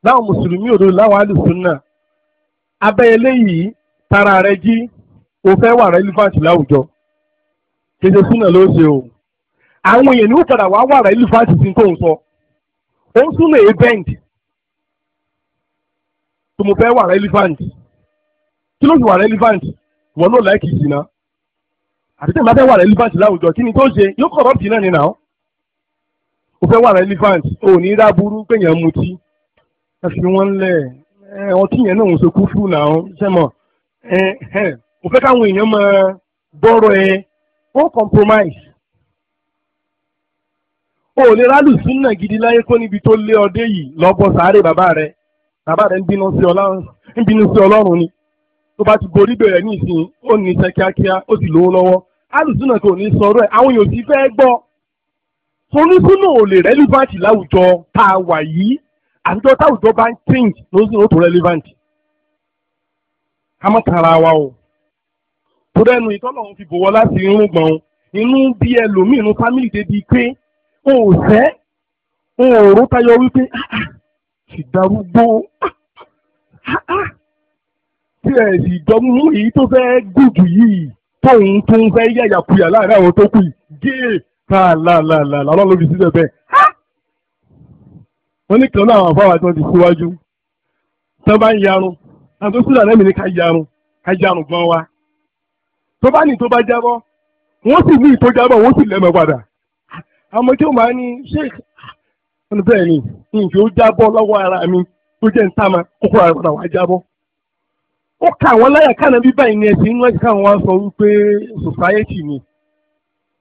láwọn mùsùlùmí òdo láwọn alùsùnà abẹ́ eléyìí tara rẹ jí o fẹ́ wà relevant láwùjọ kéde súnà ló ṣe o àwọn èèyàn ní ó padà wá wà relevant sí tó ń sọ. So ó ń súnà event tó mo relevant kí ló sì wà relevant wọn ló láìkì ìsìná àti tẹ̀mí bá fẹ́ wà relevant láwùjọ kí ni tó ṣe yóò corrupt náà ni náà ó fẹ́ wà relevant ò ní dá burú pé yẹn mutí ẹ fi wọ́n lẹ̀ ẹ ọtí yẹn náà ń ṣe kú fún náà ṣẹ́mọ̀ ẹ ẹ ò fẹ́ káwọn èèyàn máa gbọ́rọ̀ ẹ wọ́n compromise. o lè rálù súnà gidi láyé kó níbi tó lé ọdẹ yìí lọ́bọ̀ sáré bàbá rẹ bàbá rẹ ń bínú sí ọlọ́run ni tó bá ti borí bẹ̀rẹ̀ ní ìsìn ó ní iṣẹ́ kíákíá ó sì lówó lọ́wọ́ alùsùnà kò ní sọ̀rọ̀ ẹ̀ àwọn èèyàn sì fẹ́ relevant láwùjọ tá a wà yìí táwùjọ bá ń change lóṣù tó relevant ká wa o tó dẹnu ìtọ́lọ̀ ń fi bò láti irúgbọ̀n inú bí ẹlòmíì inú n ò fẹ́ n ò rú tayọ wípé ah, ah, ah, sì darúgbó tí ẹ̀ sì dọ́mú èyí tó fẹ́ gùdù yìí tóun tó ń fẹ́ yàyàkuyà láàrin àwọn tó kù yìí géè e. láàlàlàlà lọ́lọ́ ló fi sílẹ̀ bẹ́ẹ̀. wọ́n ní kan náà àwọn àfáwà tí wọ́n ti síwájú tó bá ń yarun àti tó sílẹ̀ lẹ́mìí ní ká yarun ká yarun gan wa tó bá ní tó bá jábọ́ wọ́n sì ní ìtó jábọ́ wọ́n sì lẹ́mọ̀ padà àmọ́ tí ó máa ní sheik bẹ́ẹ̀ ni nǹkan ó jábọ́ lọ́wọ́ ara mi tó jẹ́ ntama kókó ara padà wá jábọ́. ó ka àwọn láyà kánà bí báyìí ni ẹ̀sìn ńlá ìka àwọn sọ wípé society ni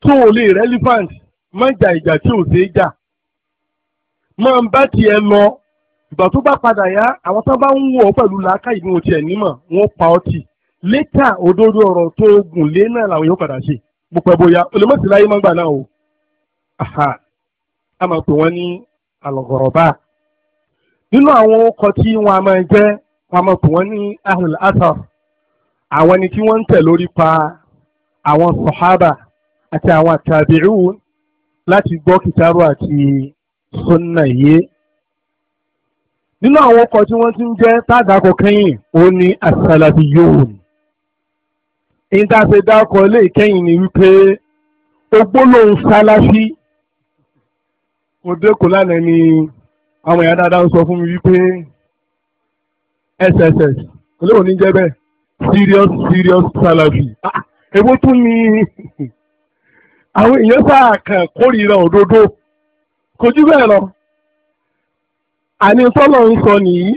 tó o lè relevant má jà ìjà tí ò ṣeé jà máa ń bá tiẹ̀ lọ ìgbà tó bá padà yá àwọn tó bá ń wọ̀ ọ́ pẹ̀lú làákàyè ní oṣù ẹ̀ nímọ̀ wọ́n pa ọ́ tì létà òdodo ọ̀rọ̀ tó gùn lé náà làwọn yóò padà ṣe gbogbo ẹ̀ bóyá olè má gbà náà o aha a máa pè wọ́n ní alọ̀gọ̀rọ̀bá nínú àwọn ọkọ̀ tí wọ́n a máa jẹ́ wọ́n a máa pè wọ́n ní ahlul asar àwọn ẹni tí wọ́n ń tẹ̀ lórí pa àwọn sọ̀hábà àti àwọn àtàbíù láti gbọ́ kìtàrú àti sunna yìí nínú àwọn ọkọ̀ tí wọ́n ti ń jẹ́ tádàkọ kẹ́yìn ó ní asalabi yóòn ìdáṣe dákọ̀ lè kẹ́yìn ni wípé ogbólóhùn sálásí mo dẹ́kun lánàá ni àwọn èèyàn dáadáa ń sọ fún mi wípé sss olóòwò ní jẹ́ bẹ́ẹ̀ serious serious salary ah, èwo tún ni àwọn èèyàn sáà kàn kórìíra òdodo kò jù bẹ́ẹ̀ lọ àní sọ́lọ̀ ń sọ nìyí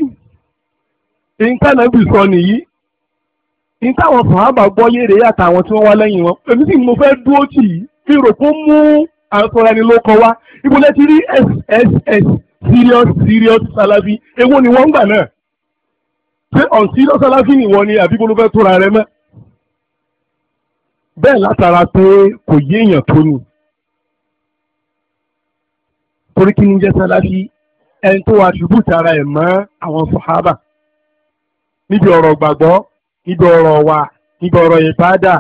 ìńtánẹ́bì sọ nìyí ìńtáwọn fàábà gbọ́ yére yàtọ̀ àwọn tí wọ́n wá lẹ́yìn wọn èmi sì mo fẹ́ dúró tì í fi rò kó mú àtọ̀rọ̀ ẹni ló kọ wá ibo lẹ ti rí sss serious serious salafi èwo ni wọ́n ń gbà náà ṣé on serious salafi nìwọ ni àbí bolo fẹ́ tóra rẹ mọ́ bẹ́ẹ̀ látara pé kò yéèyàn tó ni torí kí ni jẹ́ salafi ẹni tó attribute ara ẹ̀ mọ́ àwọn sọ̀hábà níbi ọ̀rọ̀ gbàgbọ́ níbi ọ̀rọ̀ wà níbi ọ̀rọ̀ ìbádà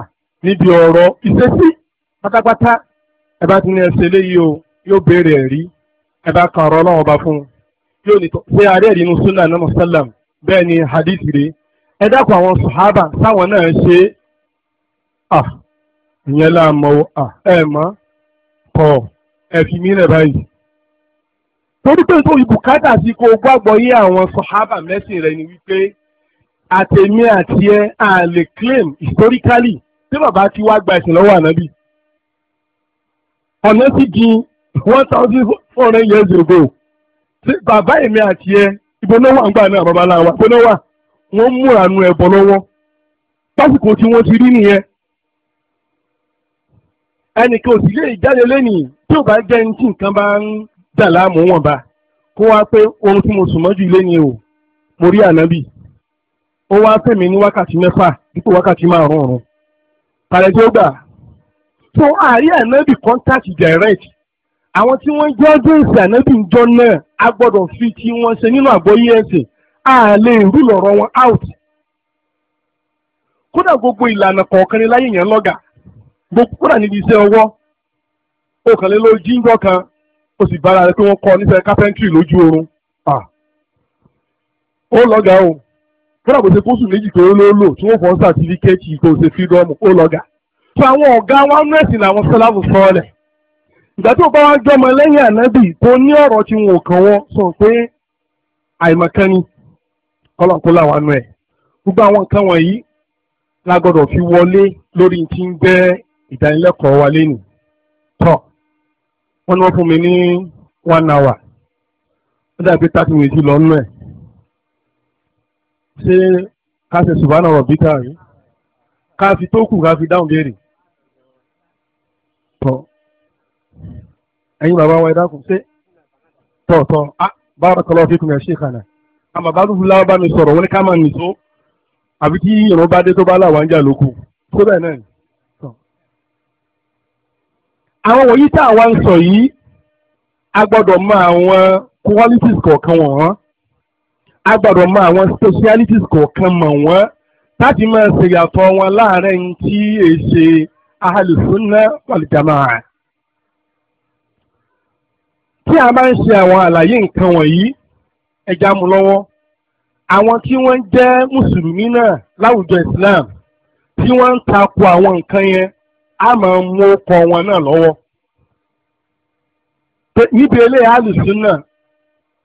níbi ọ̀rọ̀ ìṣesí pátápátá ẹ bá ti ní ẹsẹ̀ léyìí o yóò béèrè ẹ̀rí ẹ bá kan ọ̀rọ̀ ọlọ́run ọba fún un yóò ní ṣé àárẹ̀ rí inú sunna náà mọ̀sálàm bẹ́ẹ̀ ni hadith rèé ẹ dákun àwọn sàhábà sáwọn náà ṣe à ìyẹn là mọ à ẹ mọ kọ ẹ fi mí lẹ̀ báyìí. torí pé tó ìbùkátà sí kó gbàgbọ́ yé àwọn sàhábà mẹ́sìn rẹ̀ ni wípé àtẹ̀mí àti ẹ à lè claim historically tí bàbá ti wá gba ìsìn lọ́wọ́ ànábì. ọ̀nàtìgì one thousand four hundred years ago bàbá èmi àti ẹ ibo náà wà ń gbà náà babaláwa ibo náà wà wọ́n múra nu ẹbọ lọ́wọ́ lásìkò tí wọ́n ti rí nìyẹn ẹnìkan ò sì lè jáde lẹ́nìí tí ò bá jẹ́ ní tí nǹkan bá ń dà láàmú wọn bá kó wá pé ohun tí mo sùn mọ́jú ni o mo rí ànábì ó wá pè mí ní wákàtí mẹ́fà dípò wákàtí márùn-ún so ari ànábì contact direct àwọn tí wọ́n jẹ́ ọ́dẹ́sì ànábì ńjọ náà a gbọ́dọ̀ fi tí wọn ṣe nínú àgbọ́yé ẹ̀sìn a lè rú lọ́rọ̀ wọn out kódà gbogbo ìlànà kọ̀ọ̀kan ni láyé yẹn lọ́gà kódà níbi iṣẹ́ kan sì bára rẹ pé oorun ó o kódà kò ṣe kóṣù méjì pé ló lò tí kò tó àwọn ọ̀gá wa ń rẹ̀sìn làwọn sọ́láàbù sọ́ọ̀lẹ̀ ìgbà tó bá wọn jọmọ lẹ́yìn ànábì tó ní ọ̀rọ̀ tí wọn ò kàn wọ́n sọ pé àìmọ̀kan ni kọ́lọ̀kọ́lọ̀ wà nù ẹ̀ gbogbo àwọn nǹkan wọ̀nyí la gbọ́dọ̀ fi wọlé lórí ti ń gbẹ́ ìdánilẹ́kọ̀ọ́ wa lẹ́nu tọ́ wọ́n ní wọ́n fún mi ní one hour wọ́n dàbí thirty minutes lọ nù ẹ̀ ṣé ká ṣe ṣùgbọ́n àwọn ọ̀bí ká rí ká fi tó kù ká fi dáhùn béèrè tọ̀ọ̀tọ̀ ẹ̀yin bàbá wa ẹ dákun ṣé tọ̀ọ̀tọ̀ a ah, barakallahu fikum ya sheikhana àmọ́ bá dúró láwọn bá mi sọ̀rọ̀ wọ́n ká máa nìṣó àbí kí ìrún bá dé tó bá láwọn ajá lóko tó bẹ́ẹ̀ náà ni. àwọn wọ̀nyí tá àwa ń sọ yìí a gbọ́dọ̀ mọ àwọn qualities kọ̀ọ̀kan wọ̀n a gbọ́dọ̀ mọ àwọn specialities kọ̀ọ̀kan mọ̀ wọ́n láti máa ṣèyàtọ̀ wọn láàárín tí èsè ahàlùsúnná wàlìjàmáà tí a bá ń ṣe àwọn àlàyé nǹkan wọ̀nyí ẹja mú lọ́wọ́ àwọn tí wọ́n jẹ́ mùsùlùmí náà láwùjọ islam tí wọ́n ń takò àwọn nǹkan yẹn a máa mú ọkọ wọn náà lọ́wọ́ níbi eléyà alùsùnà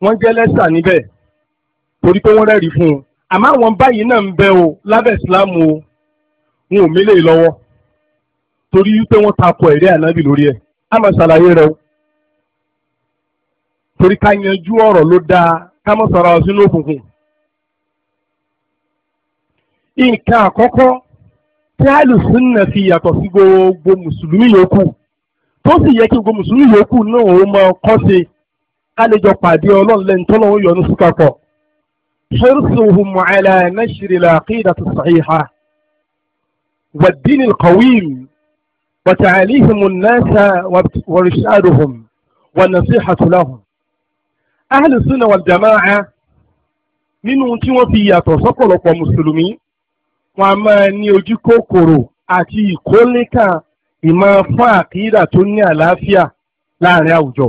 wọ́n jẹ́ lẹ́sà níbẹ̀ torí pé wọ́n rẹ́rìí fún un àmọ́ àwọn báyìí náà ń bẹ o lábẹ́ islam o wọn ò mélèé lọ́wọ́ torí wípé wọ́n takò ẹ̀rí ànábì lórí ẹ̀ á máa ṣàlàyé rẹ̀ o torí ká yanjú ọ̀rọ̀ ló dáa ká má sọ̀rọ̀ sínú òkùnkùn. nǹkan àkọ́kọ́ tí alùsùnà fi yàtọ̀ sí gbogbo mùsùlùmí yòókù tó sì yẹ kí gbogbo mùsùlùmí yòókù náà ó máa kọ́ sí i pàdé ọlọ́run lẹ́nu tó lọ́wọ́ yọ̀ọ́nù sí papọ̀. حرصهم على نشر العقيدة الصحيحة والدين القويم وتعليهم الناس وإرشادهم والنصيحة لهم أهل السنة والجماعة nínú tí wọ́n fi yàtọ̀ sọ́pọ̀lọpọ̀ mùsùlùmí wọn a máa ní ojú kòkòrò àti ìkólíkà ìmọ̀ fún àkídà tó ní àlàáfíà láàrin àwùjọ.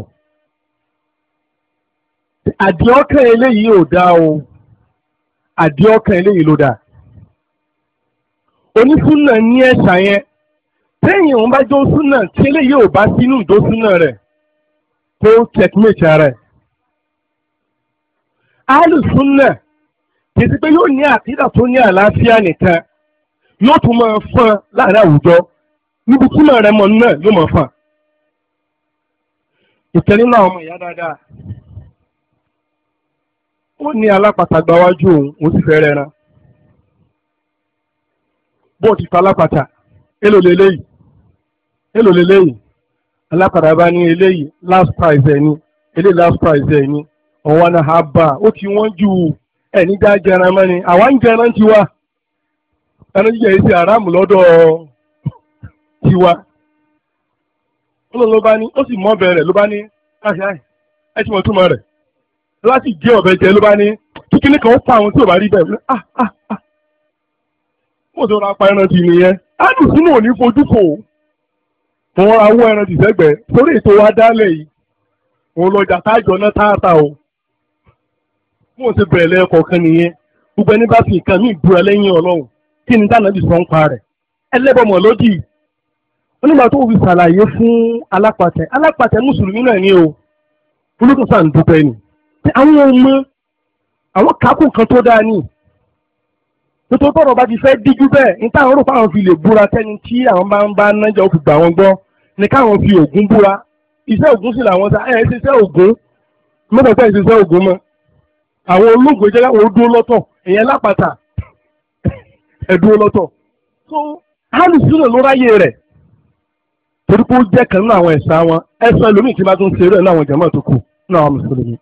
àdìọ́kàn eléyìí ò dáa o àdìọ́kàn eléyìí ló dáa. onísùnà ní ẹ̀sà yẹn téèyàn òun bá jó súnà tí eléyìí ò bá sínú ìjó súnà rẹ̀ kó checkmate rẹ̀ alùsúnà kì í sí pé yóò ní àkídà tó ní àlàáfíà nìkan yóò tún máa fọn láàrin àwùjọ níbi tí màá rẹ mọ náà yóò máa fọn. ìtẹ́ nínú àwọn ọmọ ìyá dáadáa ó ní alápàtà gbáwájú òun ó sì fẹ́ rẹran bó ti fa alápàtà èlò lélẹ́yìí èlò lélẹ́yìn alákàrà bá ní eléyìí last price ẹ̀ ni eléyìí last price ẹ̀ ni ọ̀wọ́n náà á O ó ti wọ́n ju ẹ̀ní dá jẹran mọ́ ni àwa ń jẹran tiwa ẹran jíjẹ yìí ṣe àràmù lọ́dọ̀ tiwa ó lọ ló bá ní ó sì mọ́ bẹ̀rẹ̀ ló bá ní káṣí àì ẹ ti mọ̀ túmọ̀ rẹ̀ láti gé ọ̀bẹ jẹ ló bá ní kíkíní kan ó pa àwọn tí ò bá rí bẹ́ẹ̀ ah, ah ah ah mo tó ra pa ẹran tì nìyẹn á dùn sínú òní fojú kò ó tó ń awó ẹran jù sẹ́gbẹ̀ẹ́ sórí ètò wa dálẹ̀ yìí òun lọ́jà tájọ náà táàtà o mo sì bẹ̀rẹ̀ lẹ́ẹ̀kọ̀ kan nìyẹn gbogbo ẹni bá fi nǹkan mí ìbúra lẹ́yìn ọlọ́run kí ni dáná lè sọ ń pa rẹ̀ ẹlẹ́bọmọ lódì onígbà tó fi ṣàlàyé fún alápàtẹ alápàtẹ mùsùlùmí náà ni o olókùn sáà ń dúpẹ́ ni àwọn ọmọ àwọn kákùn kan tó dáa ni nítorí tọrọ bá ti fẹ́ díjú bẹ́ẹ̀ ní táwọn rò fáwọn fi lè búra sẹ́ni tí àwọn bá ń bá nájà òfin gbà wọ́n gbọ́ ní káwọn fi ògùn búra iṣẹ́ ògùn sì làwọn sa ẹ̀ ṣe iṣẹ́ ògùn mọ́tò pẹ́ ṣe iṣẹ́ ògùn mọ́ àwọn olóògùn jẹ́ àwọn odó lọ́tọ̀ ìyẹn lápàtà ẹ̀dúró lọ́tọ̀ so alùsùnà ló ráyè rẹ̀ torí pé ó jẹ́ kan nínú àwọn ẹ̀sà wọn ẹ̀sán ẹlòmíì tí bá tún ṣe eré náà àwọn jàmáà tó kù náà àwọn mùsùlùmí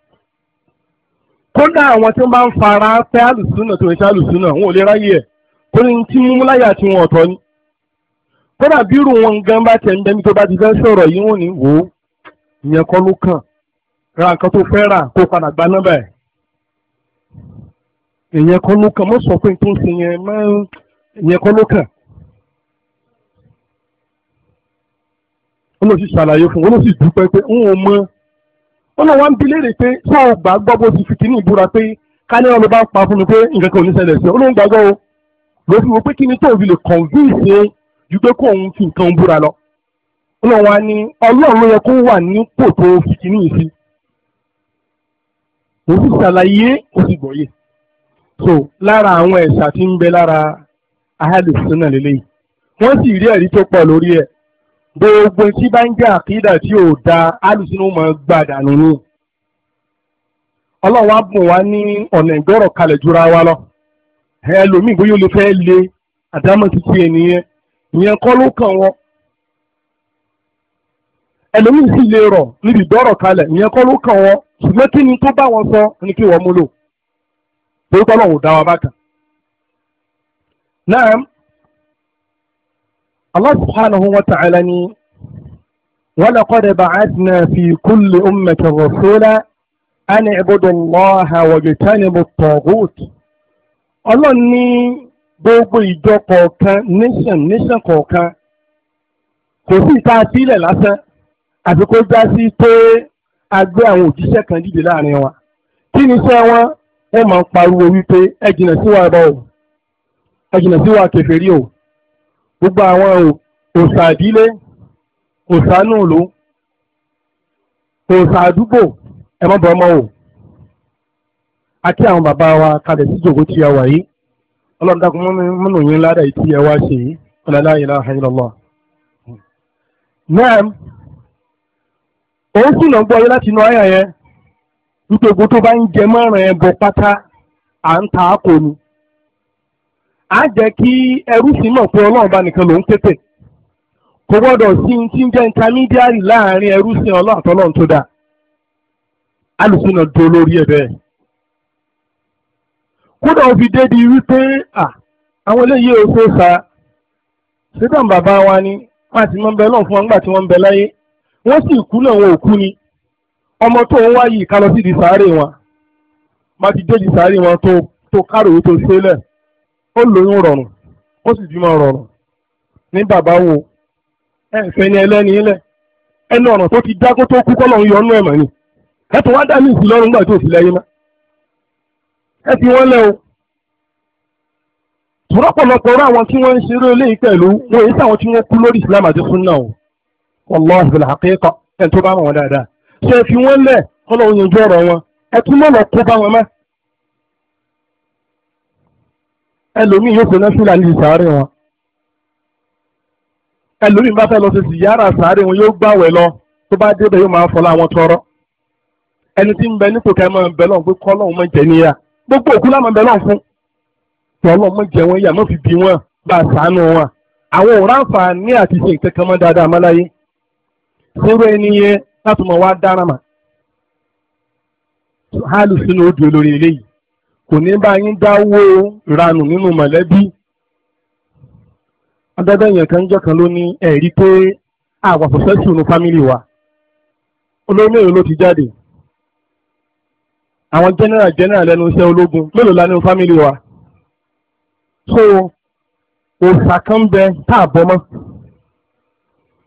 kódà àwọn tí wọ́n bá ń fara fẹ́ àlùsùnà tó ń ṣe àlùsùnà wọn ò lè ráyè ẹ̀ kó ní tí mímú láyà tí wọn ọ̀tọ̀ ni kódà bírù wọn gan bá tẹ̀ ń bẹ́ni tó bá ti fẹ́ sọ̀rọ̀ yìí wọn ò ní wò ó ìyẹn kọ́ ló kàn ra nǹkan tó fẹ́ rà kó padà gba nọ́mbà ẹ̀ ìyẹn kọ́ ló kàn mọ́ sọ pé tó ń ṣe yẹn máa ń ìyẹn kọ́ ló kàn ó lọ sí ṣàlàyé fún un ó lọ sí dúpẹ́ pé ń ò mọ ó náà wọ́n ń bi léèrè pé ṣé o gbà gbọ́ bó ti fi kíní ìbúra pé ká ní ọmọ bá ń pa fún mi pé nǹkan kan ò ní ṣẹlẹ̀ sí ọ ó ló ń gbàgbọ́ o ló fi wo pé kíni tó fi lè convince ju pé kó òun fi nǹkan búra lọ ó náà wọ́n á ní ọlọ́run ló yẹ kó wà nípò tó fi kíní yìí sí ó sì ṣàlàyé ó sì gbọ́yè so lára àwọn ẹ̀ṣà tí ń bẹ lára ahàlùsùn náà lélẹ́yìí wọ́n sì rí ẹ̀rí tó pọ̀ lórí ẹ̀ gbogbo tí bá ń jẹ́ àkídà tí ò da alùsùn mọ̀ gbàdà nínú. ọlọ́run á bùn ní ọ̀nà ìgbọ́rọ̀ kalẹ̀ jura wa lọ. ẹlòmíì bóyá olè fẹ́ le àdámọ̀ títí ènìyàn ìyẹn kọ́ ló kàn sì lè rọ̀ níbi ìgbọ́rọ̀ kalẹ̀ ìyẹn kọ́ kàn ṣùgbọ́n kí ni tó bá wọn sọ ni kí wọ́n mú lò. torí Allah subhanahu wa ta'ala ni walaqad ba'athna fi kulli ummatin rasula an i'budu Allaha wajtanibu at-taghut ọlọ́run ní gbogbo ìjọ kọ̀ọ̀kan nation nation kọọkan. kò sí ìta sílẹ̀ lásán àti kó já sí pé a gbé àwọn òjíṣẹ́ kan dìde láàrin gbogbo àwọn òòṣà ìdílé òòṣà nùlù ọmọ o àti àwọn bàbá wa kalẹ̀ sí ìjòkó tí a wà yìí ọlọ́run dákun yín ládàá yìí tí wá ṣe yìí ọ̀làlá yìí lọ́lọ́. náà òun gbọ́ láti inú yẹn nítorí gbogbo tó bá ń jẹ mọ́ràn ẹ̀ pátá a jẹ́ kí ẹrú sì mọ̀ pé ọlọ́run bá nìkan ló ń pépè kò gbọ́dọ̀ sí ohun tí ń jẹ́ intermediary láàrin ẹrú sí ọlọ́run àtọ́lọ́run tó dáa do lórí ẹ̀ bẹ́ẹ̀ kódà ó fi débi wípé àwọn eléyìí ò sa bàbá wa ni wọ́n àti máa ń fún wọn nígbà bẹ láyé wọ́n sì kú náà wọn ò kú ni ọmọ tó ń wáyé wọn má ti wọn tó kárò tó ṣe lẹ́ẹ̀. ó lóyún rọrùn ó sì bímọ rọrùn ní bàbá wo ẹ̀fẹ́ ni ẹlẹ́ni ilẹ̀ ẹnu ọ̀ràn tó ti tó kú yọ ọ́nú ẹ̀mọ̀ ni ẹ̀tọ́ wá dá ní ìsìn lọ́rùn gbà tó sì lẹ́yìn ẹ fi wọ́n lẹ́ o tòrọ́pọ̀lọpọ̀ rọ àwọn tí wọ́n ń eléyìí pẹ̀lú wọn èyí sáwọn tí wọ́n kú lórí Islam àti o wallahi bil haqiqa ẹ̀ tó bá wọn dáadáa ṣe fi wọ́n lẹ̀ kọ́lọ̀ yanjú ọ̀rọ̀ wọn tún mọ̀ lọ ẹlòmíì yóò ṣe náfìlà ní ìsàárẹ̀ wọn ẹlòmíì bá fẹ́ lọ sí ìyára ìsàárẹ̀ wọn yóò gbàwẹ̀ lọ tó bá débẹ̀ yóò máa fọlá àwọn tọrọ ẹni tí ń bẹ nípò ká máa bẹ lọ́n pé kọ́ lọ́hún máa jẹ níyà gbogbo òkú láwọn bẹ lọ́n fún tọ́lọ́ máa jẹ wọn yà má fi bí wọn bá a sànù wọn àwọn ò ráǹfà ní àti ṣe nǹkan kan mọ́ dáadáa máláyé sírò ẹni yẹn láti mọ̀ wá dára mà hálù sínú odò lórí eléyìí kò ní bá yín dáwó ranù nínú mọ̀lẹ́bí adájọ́ yẹn kan jọ́ kan ló ní ẹ̀rí pé àwa successful ní fámìlì wa olórí mélòó ló ti jáde àwọn general general lẹ́nu iṣẹ́ ológun mélòó la nínú fámìlì wa so òòsà kan bẹ tá a bọ́ mọ́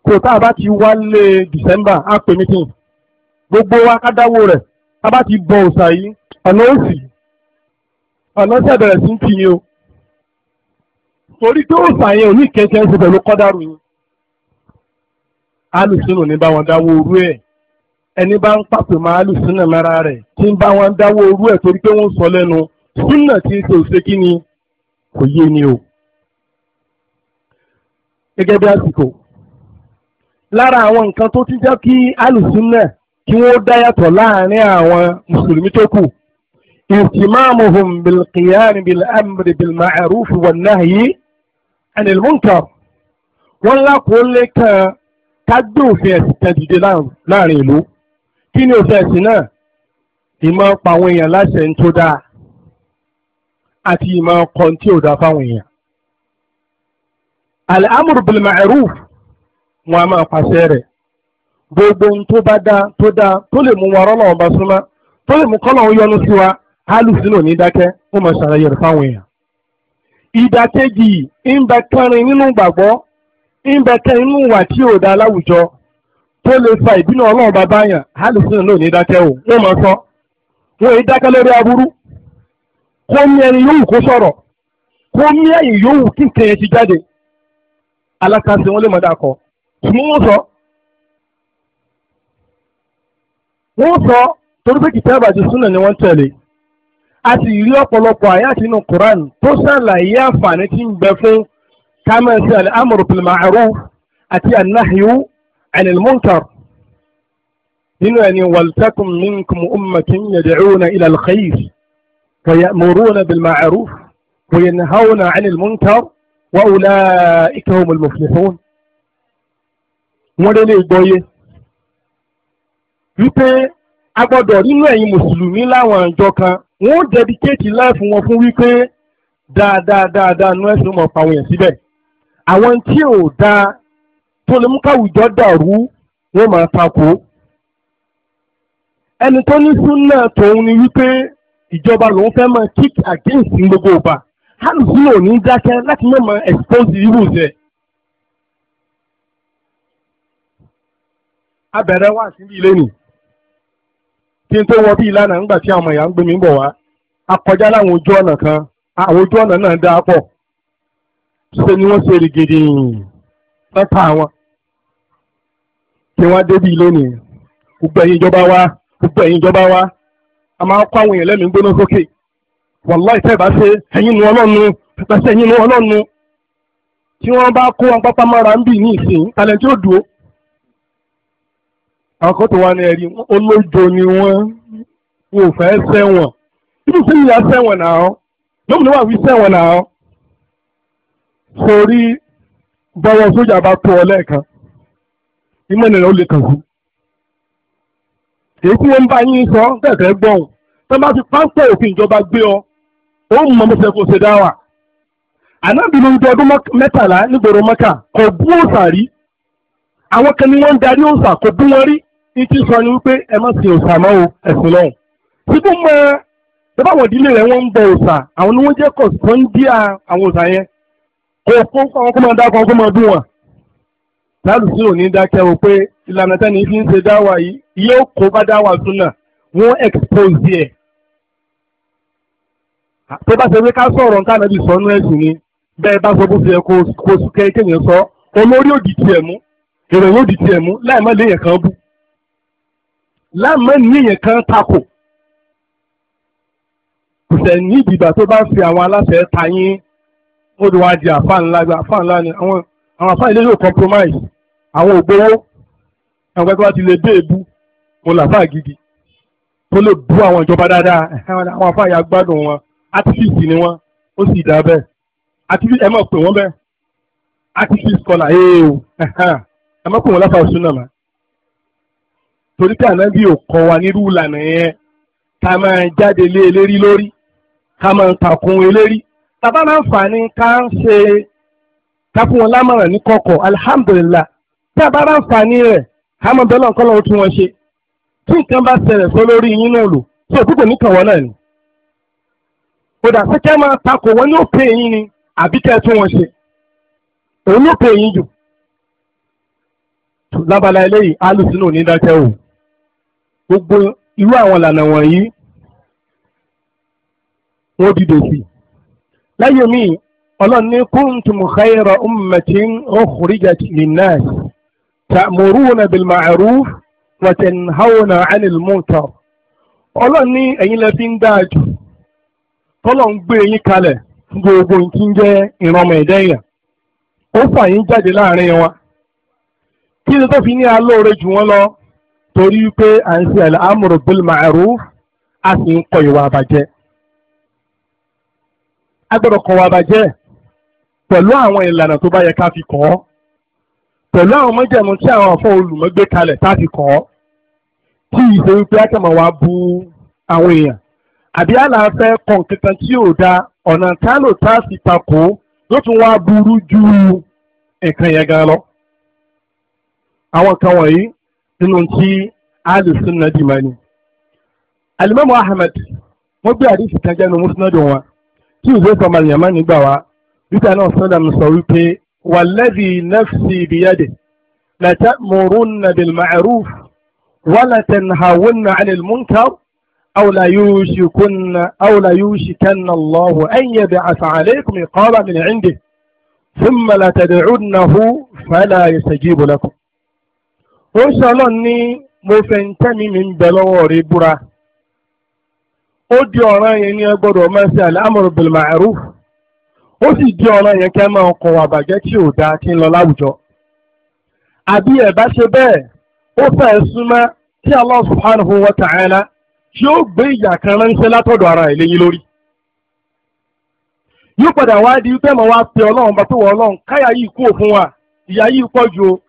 kò tá a bá ti wálé December á pè mítìn gbogbo wa ká dáwó rẹ̀ tá a bá ti bọ òòsà yìí ọ̀nà òsì àlọ́sẹ̀ bẹ̀rẹ̀ sí ń kì yín o torí pé òòsàn yẹn ò ní kẹ́kẹ́ ń ṣe pẹ̀lú kọ́dárù yín alùsùnù ní bá wọn dáwọ́ orú ẹ̀ ẹni bá ń pàpè mọ́ alùsùnù mẹ́ra rẹ̀ tí ń bá wọn dáwọ́ orú ẹ̀ torí pé wọ́n sọ lẹ́nu súnà tí ń ṣe òṣè kí ni kò yé ni o gẹ́gẹ́ bí àsìkò lára àwọn nǹkan tó ti jẹ́ kí alùsùnù kí wọ́n dá yàtọ̀ láàrin àwọn mùsùlùmí tó kù اهتمامهم بالقيام بالأمر بالمعروف والنهي عن المنكر ولا أقول لك كدو في استجد لا ريلو كيني في سنة إما قوية لا سنتودا أتي ما قنتي ودا قوية الأمر بالمعروف وما قسيره gbogbo ohun tó bá dáa tó dáa tó lè mú wa rọ́lọ́wọ́ bá súnmọ́ tó lè mú kọ́lọ́wọ́ yọ́nú sí wa alùsùn òní dákẹ́ wọ́n máa ṣàlàyé rẹ̀ fáwọn èèyàn. ìdàkejì ìbẹ kẹrin nínú gbàgbọ́ ìbẹ kẹrin nínú wà tí ò da láwùjọ tó lè fa ìbínú ọlọ́run bàbá yàn alùsùn òní dákẹ́ o wọ́n máa sọ wọ́n èyí dákẹ́ lórí aburú kó mí ẹni yòówù kó sọ̀rọ̀ kó mí ẹ̀yìn yòówù kí nǹkan yẹn ti jáde alákàtúntì wọn lè mọ̀ dà kọ́ ṣùgbọ́n wọ́n sọ wọ́n sọ torí pé kìtẹ́ àbàjẹ́ súnà a sì rí ọ̀pọ̀lọpọ̀ àyàtì nínú Quran tó ṣàlàyé àǹfààní tí ń bẹ fún kámẹ́sì al-amru bil ma'ruf àti an-nahyu 'anil munkar nínú ẹni waltakum minkum ummatun yad'una ila al-khayr wa ya'muruna bil ma'ruf wa yanhauna 'anil munkar wa ulaika humul muflihun wọ́n lé lè gbọ́yé wípé a gbọ́dọ̀ nínú ẹ̀yin mùsùlùmí láwọn wọ́n dedicate life wọn fún wípé dáadáa dáadáa nu ẹ̀sìn mọ̀ pàwọn yẹn síbẹ̀ àwọn tí ò dáa tó lè mú káwùjọ dàrú wọ́n máa takò ẹni tó ní súnà tòun ni wípé ìjọba lòun fẹ́ máa kick against gbogbo ọba hàlùsùn ò ní dákẹ́ láti má máa expose evil rẹ̀. abẹ̀rẹ̀ wà sí ilé nìí. kí n tó wọ bí ìlànà ńgbà tí àwọn èèyàn ń gbé mi bọ̀ wá a kọjá láwọn ojú ọ̀nà kan àwọn ojú ọ̀nà náà dáa pọ̀ ṣe ni wọ́n ṣe rìgìdì lọ́tà wọn kí wọ́n lónìí gbogbo ẹ̀yin ìjọba wa gbogbo ẹ̀yin wa a máa kó àwọn èèyàn lẹ́nu gbóná sókè wàláì tẹ́ bá ṣe ẹ̀yin nu ọlọ́nu ṣe ẹ̀yin nu ọlọ́nu tí wọ́n bá kó wọn pápá mọ́ra ń àwọn kan tó wá ní ẹ̀rí olójo ni wọ́n wò fẹ́ sẹ́wọ̀n ibi tí ìyá sẹ́wọ̀n náà lómìnira wà sẹ́wọ̀n náà sórí sójà bá tó ọ lẹ́ẹ̀kan sọ kẹ̀kẹ́ gbọ̀n tó bá fi òfin ìjọba ọ ó mọ kó ṣe dáwà. ànábì ló ń ọdún mẹ́tàlá nígboro mọ́kà kò bú rí àwọn kan ni wọ́n ń darí kò bú wọn ìtì sọ ni wípé ẹ má sin òòṣà mọ́ o ẹ̀sìn náà síbú mọ bẹ́ẹ̀ báwọn ìdílé rẹ̀ wọ́n ń bọ òòṣà àwọn ni wọ́n jẹ́ kọ̀ǹdíà àwọn òòṣà yẹn kò kó àwọn kó máa dákọ̀ kó máa dùn wọn. láàlùsí ò ní dákẹ́ o pé ìlànà tẹ́ni fi ń ṣe dáwà yìí yóò kó bá dáwà súnà wọ́n expose ẹ̀. tó bá ṣe pé ká sọ̀rọ̀ nǹkan ànábì sọ́nú ẹ̀sìn ni bẹ́ẹ̀ bá sọ bó ṣe yẹ kó kó kéèyàn sọ olórí òdì tiẹ̀ mú èrò yóò di tiẹ̀ mú láì má léèyàn kan bú láàmú níyẹn kan takò kò sẹ̀ ní ìdìbà tó bá ń fi àwọn aláṣẹ ta yín ó ti wá di àfa ńlá àfa ńlá ni àwọn àwọn àfa ilé yóò compromise àwọn ògbówó àwọn pẹ́ẹ́pẹ́ bá ti lè dé èbú òun làfa gidi tó lè bú àwọn ìjọba dáadáa àwọn àfa ìyá gbádùn wọn activist ni wọn ó sì dá bẹ́ẹ̀ activist ẹ mọ̀ pé wọ́n bẹ́ẹ̀ activist kọlà ẹ o ẹ mọ̀ pé wọ́n láfa òṣùnà mọ́ torí pé ànábì ò kọ́ wa nírú ìlànà yẹn ká máa jáde lé elérí lórí ká máa takùn elérí tàbá láǹfààní ká ń ṣe ká fún wọn lámọ̀ràn ní kọ̀kọ̀ alihamudulilayi tàbá láǹfààní rẹ̀ ká máa bẹ́ẹ̀ lọ́nkọ́ lọ́wọ́ tí wọ́n ṣe tí nǹkan bá ṣẹlẹ̀ sọ lórí yín náà lò tí òkú kò ní náà ni. kódà pé kẹ́ máa takò wọn ní òpè yín ni àbí kẹ́ tún wọn ṣe òun ní òpè yín jù. lábala eléyìí alùsùn ò ní dákẹ́ o. gbogbo irú àwọn ìlànà wọ̀nyí wọ́n dìde sí i láyé mi ọlọ́run ní kuntum khayra ummatin ukhrijat linnas ta'muruna na ma'ruf wa tanhawna 'anil munkar ọlọ́run ní ẹ̀yin lẹ fi ń dáa jù tọ́lọ̀ gbé yín kalẹ̀ gbogbo nǹkan jẹ́ ó fà yín jáde láàrin kí tó fi ní alóore jù torí pé à ń ṣe al-amru bil ma'ruf a sì ń kọ ìwà àbàjẹ́ a gbọ́dọ̀ kọ ìwà àbàjẹ́ pẹ̀lú àwọn ìlànà tó bá yẹ ká fi kọ́ ọ́ pẹ̀lú àwọn mọ́jẹ̀mú tí àwọn afọ olùmọ́gbé kalẹ̀ tá a fi kọ́ tí ìṣe wípé akẹ́mọ̀ wa bu àwọn èèyàn àbí àlàáfẹ́ kọ̀ kankan tí ò da ọ̀nà tálò tá a fi takò ló tún wá burú ju nǹkan yẹn gan lọ. àwọn kan wọ̀nyí nínú tí alùsùn náà dì máa ní. alimami ahmed wọ́n gbé àdìsí kan jẹ́nu musnad wọn tí ìwé sọmọ àyàmá nígbà wa wípé náà sọ́dà mi sọ wípé wàlẹ́dì nafsi biyade lẹ́tẹ̀ mùrún bil ma'ruf wàlẹ́ tẹ̀nhàwọ́n nà ànil munkar أو لا يوشكن أو لا يوشكن الله أن يبعث عليكم إقامة من عنده ثم لا تدعونه فلا يستجيب لكم ó ṣe ọlọ́run ní mo fẹ́ ń tẹ́mi mi ń bẹ lọ́wọ́ rí búra ó di ọ̀ràn yẹn ní ẹ amru di ọ̀ràn yẹn kẹ́ máa kọ̀ wà bàjẹ́ tí ò dáa kí n lọ láwùjọ. àbí ṣe bẹ́ẹ̀ ó fẹ́ súnmọ́ tí Allah subhanahu wa ta'ala tí ó gbé ìyà kan ránṣẹ́ ara ẹ̀ léyìn lórí. yóò padà wá di pé wá pe ọlọ́run bá tó wọ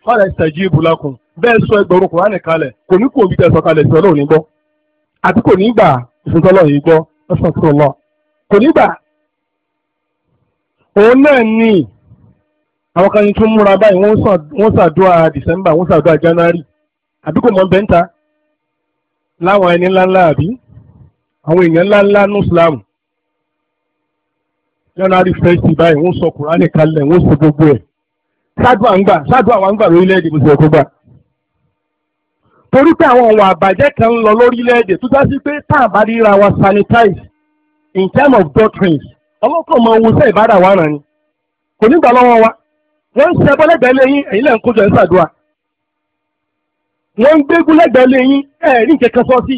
ọlọ́run bẹ́ẹ̀ sọ ẹgbẹ̀rún kùránì kalẹ̀ kò ní kú òbí tẹ̀ sọ kalẹ̀ sí ọlọ́run gbọ́ àti kò ní gbà ìfúntọ́lọ́ yìí gbọ́ ọ̀sán tó lọ kò ní gbà. òun náà ní àwọn báyìí wọ́n wọ́n àbí kò mọ láwọn ẹni ńláńlá àbí àwọn èèyàn ńláńlá ní Islam báyìí torí pé àwọn ohun àbàjẹ́ kan ń lọ lórílẹ̀‐èdè tó dásí pé tá a bá ríra wa sanitize in terms of doctrines ọlọ́kọ̀ mọ owó sẹ́ ìbára wa ràn ni kò nígbà lọ́wọ́ wa wọ́n ń ṣe abọ́lẹ́gbẹ̀ẹ́ lẹ́yìn ẹ̀yin lẹ́ ń kójọ ẹ̀ ṣàdúrà wọ́n ń gbégún lẹ́gbẹ̀ẹ́ lẹ́yìn ẹ̀rí kẹ̀kẹ́ sọ sí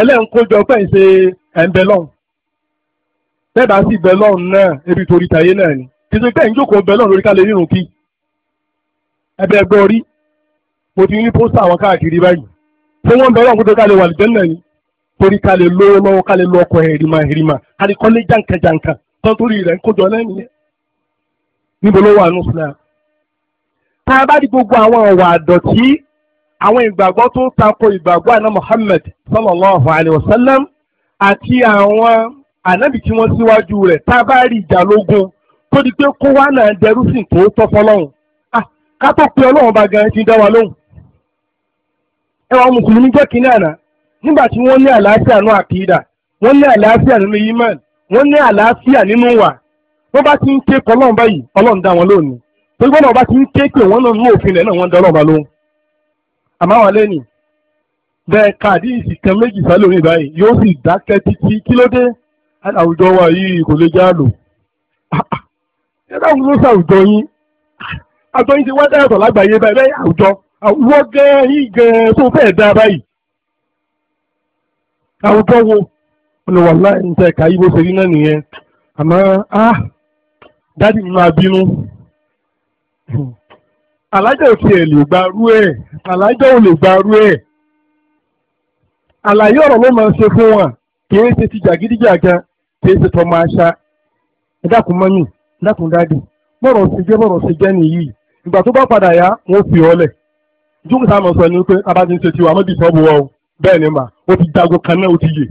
ẹlẹ́nkójọ pẹ̀ ń ṣe ẹ̀ńbẹ̀ lọ́hùn bẹ́ẹ̀ bá sì bẹ̀ lọ́hùn náà ebi torí tàyé náà ni kìsì ń jókòó bẹ̀ lọ́hùn lórí kí ẹbẹ̀ ẹgbẹ́ orí mo ti rí pósítà àwọn káàkiri báyìí tí wọ́n bẹ̀rẹ̀ ọ̀gbọ́dọ̀ ká lè wà lìjẹ́ náà ni torí ká lè lówó lọ́wọ́ ká lè lọ ọkọ̀ hẹ̀rìmà hẹ̀rìmà ká lè kọ́lé jàǹkàjàǹkà tán torí rẹ̀ kójọ lẹ́nu yẹn níbo ló wà nù sílẹ̀. tá a bá di gbogbo àwọn ọ̀wà àdọ̀tí àwọn ìgbàgbọ́ tó tako ìgbàgbọ́ àná Muhammad sallallahu alayhi wa sallam àti àwọn ànábì tí wọ́n síwájú rẹ̀ tá a bá rí ìjà lógun tó di pé kó wá náà dẹrú sí tòótọ́ fọlọ́run. Ah, ká tó pe ọlọ́run bá gan ti dá wa lóhùn ẹwà mùsùlùmí jẹ́ kínní àná nígbà tí wọ́n ní àlàáfíà nínú àkìdá wọ́n ní àlàáfíà nínú imán wọ́n ní àlàáfíà nínú wà wọ́n bá ti ń ké kọ́ ọlọ́run báyìí ọlọ́run dá wọn lónìí torí wọ́n náà bá ti ń ké pé wọ́n náà nú òfin rẹ̀ náà wọ́n dá ọlọ́run bá lóhùn. àmọ́ àwọn alẹ́ nì bẹ́ẹ̀ káàdì ìsìkan méjì sálẹ̀ òní báyìí yóò sì dákẹ́ títí kí ló dé àwùjọ wa yìí kò lè já lò. ẹ dáhùn ló sàwùjọ yín àjọ yín ti wá dáyàtọ̀ lágbàáyé báyìí bẹ́ẹ̀ àwùjọ àwùjọ gan yín gan tó fẹ́ dá báyìí àwùjọ wo olùwà láì ń tẹ káyí bó ṣe rí náà nìyẹn àmọ́ á ah, dáàdì mi máa bínú alájà ò tiẹ̀ lè gbarú ẹ̀ alájà ò lè gbarú ẹ̀ àlàyé ọ̀rọ̀ ló máa ń ṣe fún wa kìí ṣe ti jàgídíjàgan kìí ṣe tọmọ àṣà ẹ dákun mọ́mì ẹ dákun dáàdì bọ́rọ̀ ṣe jẹ́ bọ́rọ̀ ṣe jẹ́ nìyí ìgbà tó bá padà yá wọ́n fi ọ́ lẹ̀. jókòó sáà mọ̀ sọ ni pé a bá ti ń ṣe tiwa mọ́bí sọ́ọ̀bù wọn o bẹ́ẹ̀ ni mà ó ti jago kan náà ó ti yè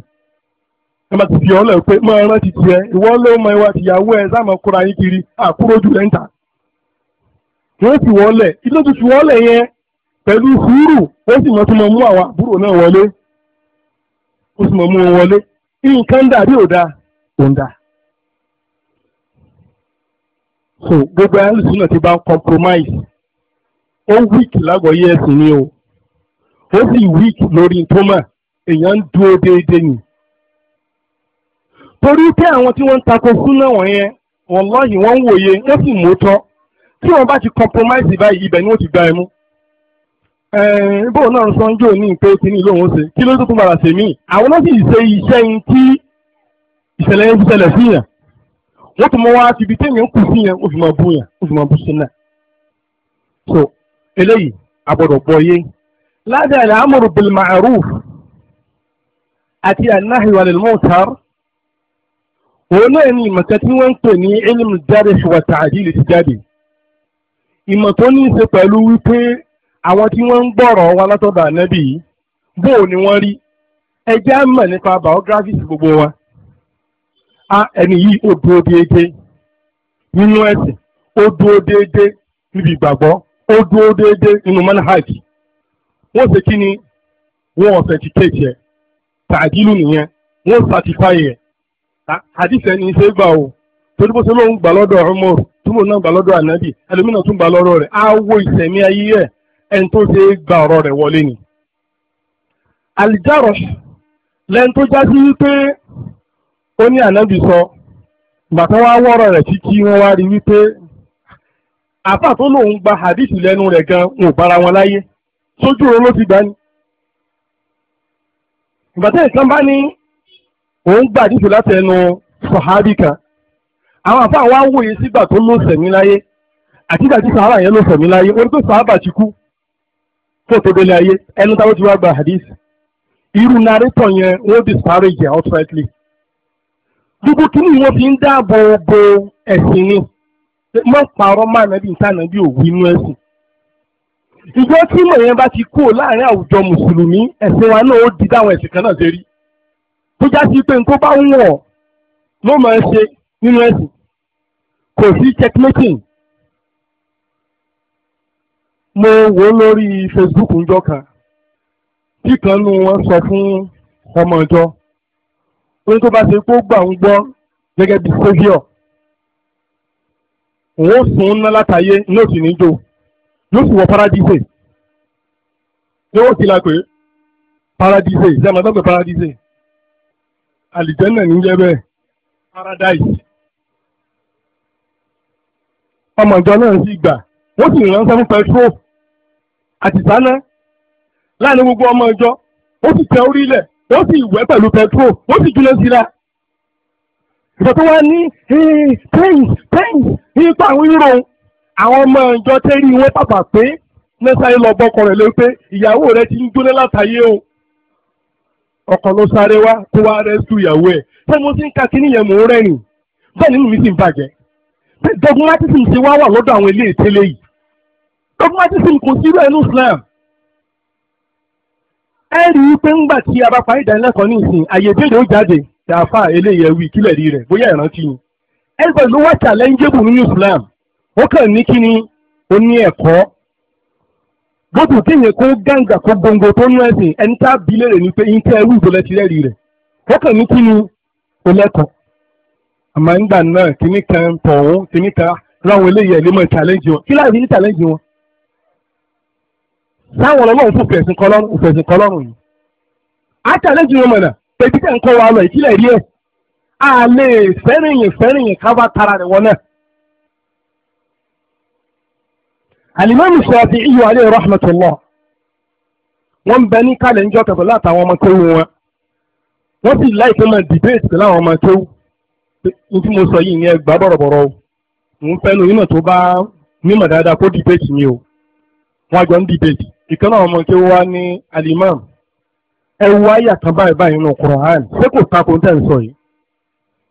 ẹ máa ti fi ọ́ lẹ̀ pé mọ ẹran ti tiẹ̀ ìwọ ló mọ ìwà tìyàwó ẹ sáà mọ̀ kóra yín kiri àkúrò ojú rẹ̀ ń tà wọ́n fi wọ́n lẹ̀ ilé tó lẹ̀ yẹn pẹ̀lú sùúrù ó sì mọ̀ mú àbúrò náà wọlé ó sì mọ̀ mú wọn wọlé nǹkan ò dáa ò ń ó weak lágbọ̀ọ́yé ẹ̀sìn ni o ó sì weak lórí tó mà èèyàn ń dúró déédéé ni. torí pé àwọn tí wọ́n ń tako súnà wọ̀nyẹn wọ̀lọ́hì wọ́n ń wòye wọ́n sì mú tọ́ tí wọ́n bá ti compromise báyìí ibẹ̀ ni wọ́n ti gba ẹ̀ mú. bóun náà sọ ń jò ní pé kíní lòun ṣe kí ló tó tún padà ṣe mí àwọn náà sì ṣe iṣẹ́ yín tí ìṣẹ̀lẹ̀ yẹn ti ṣẹlẹ̀ sí yẹn wọ́n tún mọ wá síbi téèyàn kù sí yẹn ó fi máa bú yẹn ó fi máa bú sí náà. so eleyi àgbọ̀dọ̀ pọ̀ yé lábẹ́ àlẹ́ amúrù bilmaruf àti anahi wàlẹ̀ mọ́tàr náà ni ìmọ̀ká tí wọ́n ń pè ní ilmu jarh wa ta'dil ti jáde ìmọ̀ tó ní í ṣe pẹ̀lú wípé àwọn tí wọ́n ń gbọ́rọ̀ wa látọ̀dọ̀ ànábì ni wọ́n rí ẹjẹ́ biographies gbogbo wa ẹni yìí ó dúró déédéé nínú ó ó dúró nínú manhaj wọn ṣe kí ni wọ́n authenticate yẹ tàdílù nìyẹn wọ́n certify yẹ hadith ẹni ṣe gbà o torí bó ṣe lóun gbà lọ́dọ̀ Umar túmọ̀ náà gbà lọ́dọ̀ ànábì ẹlòmínà tún gbà ayé tó sọ gbàtọ́ wá rẹ̀ títí wọ́n wá rí wípé àfà tó lòun gba hadith lẹ́nu rẹ̀ gan wọn ò bára wọn láyé sójú oorun ló ti gbà ní. ìgbà tí ìkan bá ní òun gba hadith láti ẹnu sọ̀hábì kan àwọn àfà wa ń wòye sígbà tó ló sẹ̀mí láyé àti ìgbà tí sàhábà yẹn ló sẹ̀mí láyé orí tó sàhábà ti kú fóòtó délé ayé ẹnu táwọn ti wá gba hadith irú narrator yẹn wọ́n disparage outrightly gbogbo kí ni wọ́n fi ń dáàbò bo ẹ̀sìn ni má parọ́ má nàbí ìtànà bí òwú inú ẹ̀sìn. ìjọ tí mọ̀ yẹn bá ti kú láàrin àwùjọ mùsùlùmí ẹ̀sìn wa náà ó di dáwọn ẹ̀sìn kan náà ṣe rí. tó já sí pé nǹkó bá ń wọ̀ ló máa ń ṣe nínú ẹ̀sìn kò sí checkmating. mo wò ó lórí Facebook ńjọ́ kan tí kan nu wọn sọ fún ọmọ ìjọ ó ní tó bá ṣe pé ó gbà ń gbọ́ gẹ́gẹ́ bí saviour òun ó sun ńlá látàyé ní òsì níjó yóò sì wọ paradise ní ó kìlá pé paradise ìjàmbá tó pé paradise àlìjẹ́nà ní jẹ́ bẹ́ẹ̀ paradise ọmọ ìjọ náà sì gbà wọ́n sì ránṣẹ́ fún petro àti sáná láàrin gbogbo ọmọ ìjọ ó sì tẹ orí ilẹ̀ ó sì wẹ̀ pẹ̀lú petro ó sì júlẹ̀ síra ìjọ tó wá ní tẹ́yìn tẹ́yìn nípa àwọn ìrò àwọn ọmọ ìjọ tẹ́rí wọn pàpà pé nẹ́sàáyé lọ bọ́kọ rẹ̀ lórí pé ìyàwó rẹ̀ ti ń jóná látàyé o ọkọ ló sáré wá kó wá rẹ́sù ìyàwó ẹ̀ fẹ́ẹ́ mo ti ń ka kí níyẹn mò ń rẹ́rìn bẹ́ẹ̀ nínú mi sì ń bàjẹ́ dogmatism ti wá wà lọ́dọ̀ àwọn ilé ìtẹ́lẹ̀ yìí dogmatism kò sí rẹ̀ ní Islam ẹ rí i pé ńgbà tí a bá parí ìdánilẹ́kọ̀ọ́ ní ìsìn àyè ìbéèrè ó jáde àfa eléyẹ wí kílẹ̀ rí rẹ̀ bóyá ìrántí ni everybody ló wá challengeable nínú Islam ó kàn ní kíni ó ní ẹ̀kọ́ gbogbo kéèyàn kó gàǹgà kó gbòǹgbò tó nú ẹ̀sìn ẹni tá a bí léèrè ni pé yín tẹ́ ẹrú ìbọlẹ̀ ti rẹ́rìí rẹ̀ ó kàn ní kíni ó lẹ́kọ̀ọ́ àmọ́ ńgbà náà kíní kan tọ̀hún kíní kan ráwọn eléyìí ẹ̀ lè mọ̀ challenge wọn kí láàrin ní challenge wọn sáwọn ọlọ́run fún fẹ̀sìn kọlọ́run fẹ̀sìn kọlọ́run yìí á challenge wọn mọ̀nà tẹ̀bí tẹ̀ ń kọ́ wa lọ ìkílẹ̀ a lè fẹ́rìnyìn fẹ́rìnyìn ká bá tara rẹ̀ wọ́n náà. alimami Shafi'i alayhi rahmatullah wọ́n bẹ ní kálẹ̀ ńjọ́ kẹfẹ́ látàwọn ọmọ kéwù wọn wọ́n sì láìpẹ́ máa debate pẹ̀lú àwọn ọmọ kéwù ní tí mo sọ yìí ní ẹgbàá bọ̀rọ̀bọ̀rọ̀ o mo ń fẹ́ nu debate mi o wọ́n debate ìkànnì àwọn ọmọ kéwù wa ní ẹ wá yàtọ̀ báyìí báyìí nínú Quran ṣé kò ta kò tẹ̀ ń sọ yìí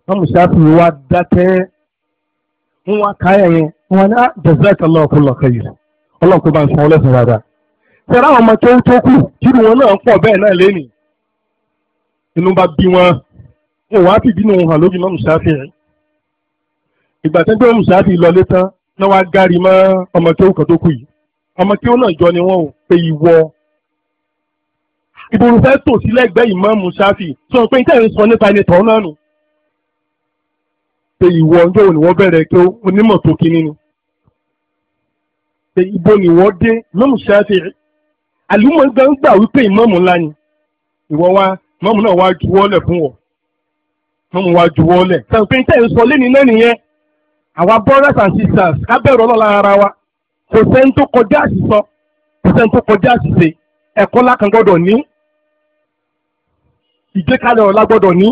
wọ́n mú sáfì wá dákẹ́ ń wá káyà yẹn wọn ní ah, jazakallahu kullu khair ọlọ́run kó bá ń san ọlọ́sìn dáadáa ṣẹlẹ àwọn ọmọ tó tó kù kírun wọn náà pọ̀ bẹ́ẹ̀ náà lẹ́nu inú bá bí wọn wọn wá fìdí nù hàn lójú náà mùsáfì rẹ ìgbà tó ń gbé mùsáfì lọlé tán náà wá gárí mọ́ ọmọ tó kù yìí ọmọ tó náà jọ ni wọn pe ìwọ ìbòrò fẹ́ tò sí lẹ́gbẹ̀ẹ́ ìmáàmù ṣáfì sọ pé níta ìrìn sọ nípa ẹni tọ́ náà nù. ṣe ìwọ ọjọ́ òní wọ́n bẹ̀rẹ̀ pé onímọ̀ tó kíní ni. ṣe ibo ni wọ́n dé ìmáàmù ṣáfì àlùmọ̀ gan gbà wípé ìmáàmù ńlá ni. ìwọ wa ìmáàmù náà wá juwọ́lẹ̀ fún wọ ìmáàmù wá juwọ́lẹ̀. sọ pé níta ìrìn sọ lẹ́ni náà nìyẹn àwa brothers and sisters ká bẹ̀rù ọlọ́lá ara wa kò sẹ́ni tó kọjá àṣìṣọ kò sẹ́ni tó kọjá àṣìṣe ẹ̀kọ́ lákàn gbọ́dọ̀ ní ìgbékalẹ̀ ọ̀la gbọ́dọ̀ ní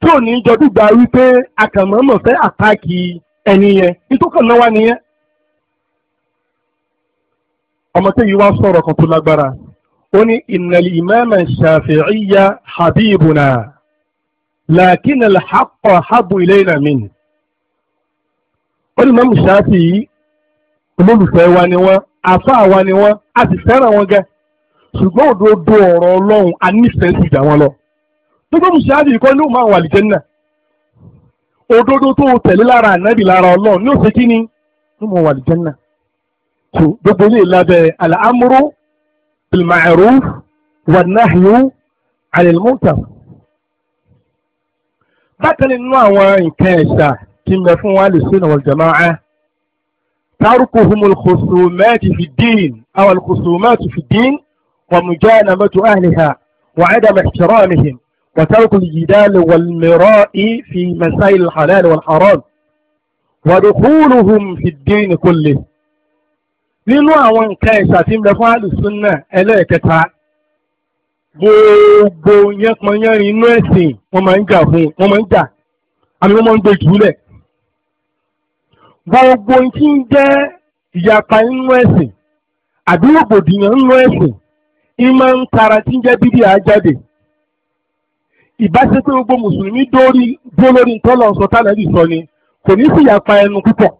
tí ò ní jọdún gba wípé akànmọ́mọ́ fẹ́ àtàkì ẹni yẹn nítòkàn náà wà nìyẹn. ọmọ tó yìí wá sọ̀rọ̀ kan tó lágbára ó ní innal imama shafi'iyya habibuna lakin al-haqqa habu ilayna min. ó ní mọ́mù ṣáfì yìí olólùfẹ́ wa ni wọ́n àfáà wa ni wọ́n a sì fẹ́ràn wọn gan ṣùgbọ́n òdodo ọ̀rọ̀ ọlọ́run a nífẹ̀ẹ́ sí ìjà wọn lọ gbogbo mùsùlùmí àbí ìkọ́ ní òun máa wà lìjẹ́ náà òdodo tó o tẹ̀lé lára ànábì lára ọlọ́run ní òsè kíni ní mo wà lìjẹ́ náà tó gbogbo ilé lábẹ́ al-amru bil-ma'ruf wan-nahyu 'anil munkar bákan nínú àwọn nǹkan ẹ̀ṣà tí ń fún wa lè ṣe ìnáwó jama'a tarukuhumul khusumat fi ddin aw al fi ddin. ومجانمة أهلها وعدم احترامهم وترك الجدال والمراء في مسائل الحلال والحرام ودخولهم في الدين كله nínú àwọn nǹkan ẹ̀ṣà tí ń bẹ fún àlùsùnà ẹlẹ́ẹ̀kẹta gbogbo yẹpọnyẹrin inú ẹ̀sìn wọ́n máa ń jà fún wọ́n máa ń jà àmì wọ́n máa ń gbé jùlẹ̀ gbogbo tí ń jẹ́ ìyapa inú ẹ̀sìn àbí rògbòdìyàn inú ẹ̀sìn ìmọ̀ ń tara tí ń jẹ́ bíbí àjáde ìbáṣepé gbogbo mùsùlùmí dórí dúró lórí ntọ́lọ̀ sọ tánàbì sọ ni kò ní fìyàpa ẹnu púpọ̀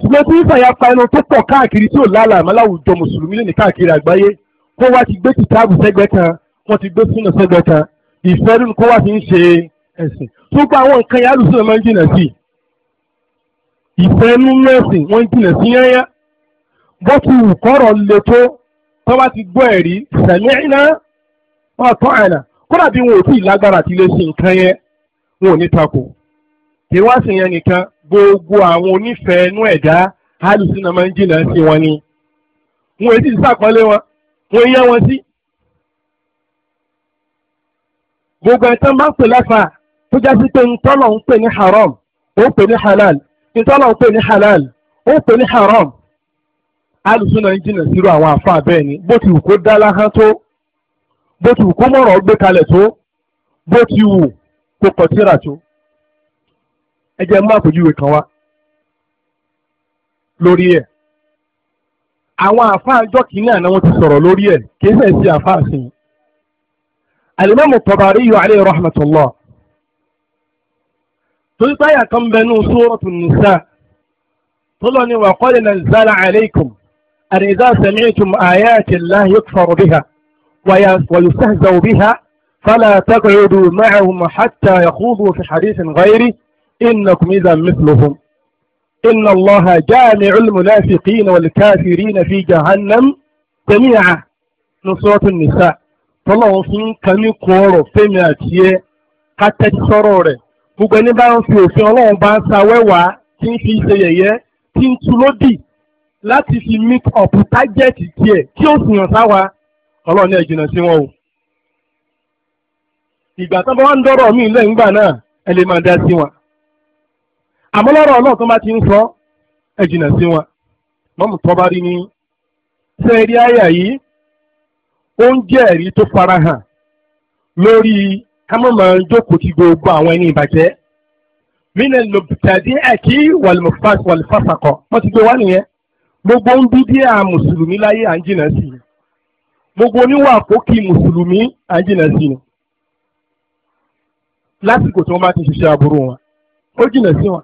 ṣùgbọ́n tí fìyàpa ẹnu tó pọ̀ káàkiri tí ò lálàmọ́ láwùjọ mùsùlùmí lónìí káàkiri àgbáyé kó wá ti gbé kìtáàbù sẹ́gbẹ́ kan wọ́n ti gbé súnà sẹ́gbẹ́ kan ìfẹ́ lónìí kó wá ti ń ṣe ẹ̀sìn tó gba àwọn nǹkan yà lùsùn náà máa ń jìnà sí ìfẹ́ nínú ẹ̀sìn wọ́n ń jìnà sí yányá bó kọ́rọ̀ le tó tó bá ti gbọ́ ẹ̀rí sami'na wa ata'na kódà bí wọn ò tí ì lágbára àti lè ṣe nǹkan yẹn wọn ò ní takò kí wá sí yẹn nìkan gbogbo àwọn onífẹ̀ẹ́ inú ẹ̀dá alùsùnà máa ń jìnnà sí wọn ni wọn ò tí ì sàkọlé wọn wọn yẹ wọn sí. gbogbo ẹ̀tàn máa ń pè lẹ́fà tó já sí pé ntọ́lọ̀ ń pè ní haram ó pè ní halal ntọ́lọ̀ ń pè ní halal ó pè ní haram alùsùnà ń jìnnà sírò àwọn àfáà bẹ́ẹ̀ ni bó ti wù kó dá láhán tó bó ti wù kó mọ̀rọ̀ gbé kalẹ̀ tó bó ti wù kó kọtíra tó ẹ jẹ́ má àpèjúwe kan wá lórí ẹ̀ àwọn àfáà ọjọ́ kìíní àná wọn ti sọ̀rọ̀ lórí ẹ̀ sí àfáà sí i alimami Tabari yọ alayhi wa rahmatulah. báyà kan bẹ nù Suratu Nisa tó lọ ní zala aleikum. أن إذا سمعتم آيات الله يكفر بها ويستهزأ بها فلا تقعدوا معهم حتى يخوضوا في حديث غيره إنكم إذا مثلهم إن الله جامع المنافقين والكافرين في جهنم جميعا من سورة النساء tọ́lọ́run fi ń kan ní kun ọ̀rọ̀ fẹ́mi àti ẹ ká tẹ́tí sọ́rọ̀ rẹ̀ gbogbo ẹni bá ń láti fi meet up target tiẹ̀ kí o sì wa sáwa ọlọ́run ní ẹ̀jìnà sí wọn o. ìgbà tán bá ń dọ́rọ̀ mí lẹ́yìn ìgbà náà ẹ lè máa dá sí wọn. àmọ́ lọ́rọ̀ náà tó bá ti ń sọ sí wọn. mọ́mù tó bá rí ní sẹ́ẹ̀rí àyà yìí ó ń jẹ́ ẹ̀rí tó farahàn lórí kámọ́mọ́ jókòó gbogbo ndidi a musulumi mùsùlùmí láyé à gbogbo oníwà kókì mùsùlùmí à lásìkò tí wọ́n bá ti ṣiṣẹ́ aburú wọn ó jìnà sí wọn.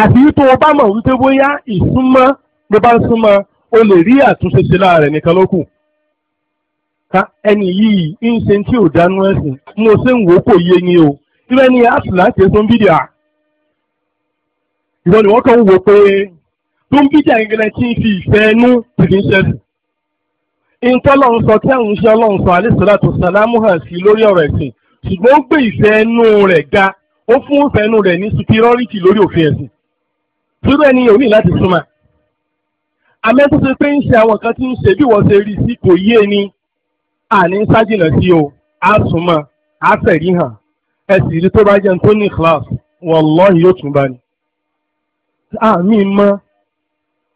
àti tó o bá mọ̀ wípé bóyá ìsúnmọ́ ló bá ń lè rí àtúnṣe ṣe nìkan ẹni yìí ń ṣe tí ò dánú ṣe ń o ìwọ ni wọ́n kàn ń wò pé tó ń bíjà gẹ́gẹ́ tí ń fi ìfẹ́ ẹnu tìrì ń ṣẹ́sì. ìtọ́lọ́run sọ tí àwọn iṣẹ́ ọlọ́run sọ alẹ́sọ̀láàtò sàlámù hàn sí lórí ọ̀rọ̀ ẹ̀sìn ṣùgbọ́n ó gbé ìfẹ́ ẹnu rẹ̀ ga ó fún ìfẹ́ ẹnu rẹ̀ ní superiority lórí òfin ẹ̀sìn. sírò ẹni ò láti súnmọ́. àmẹ́ tó ṣe pé ń ṣe àwọn kan tí ń ṣe bí wọ́n ṣe rí sí kò yé ni àní ń ṣájìnà sí o á súnmọ́ á fẹ̀rí hàn ẹ̀sìn ìdí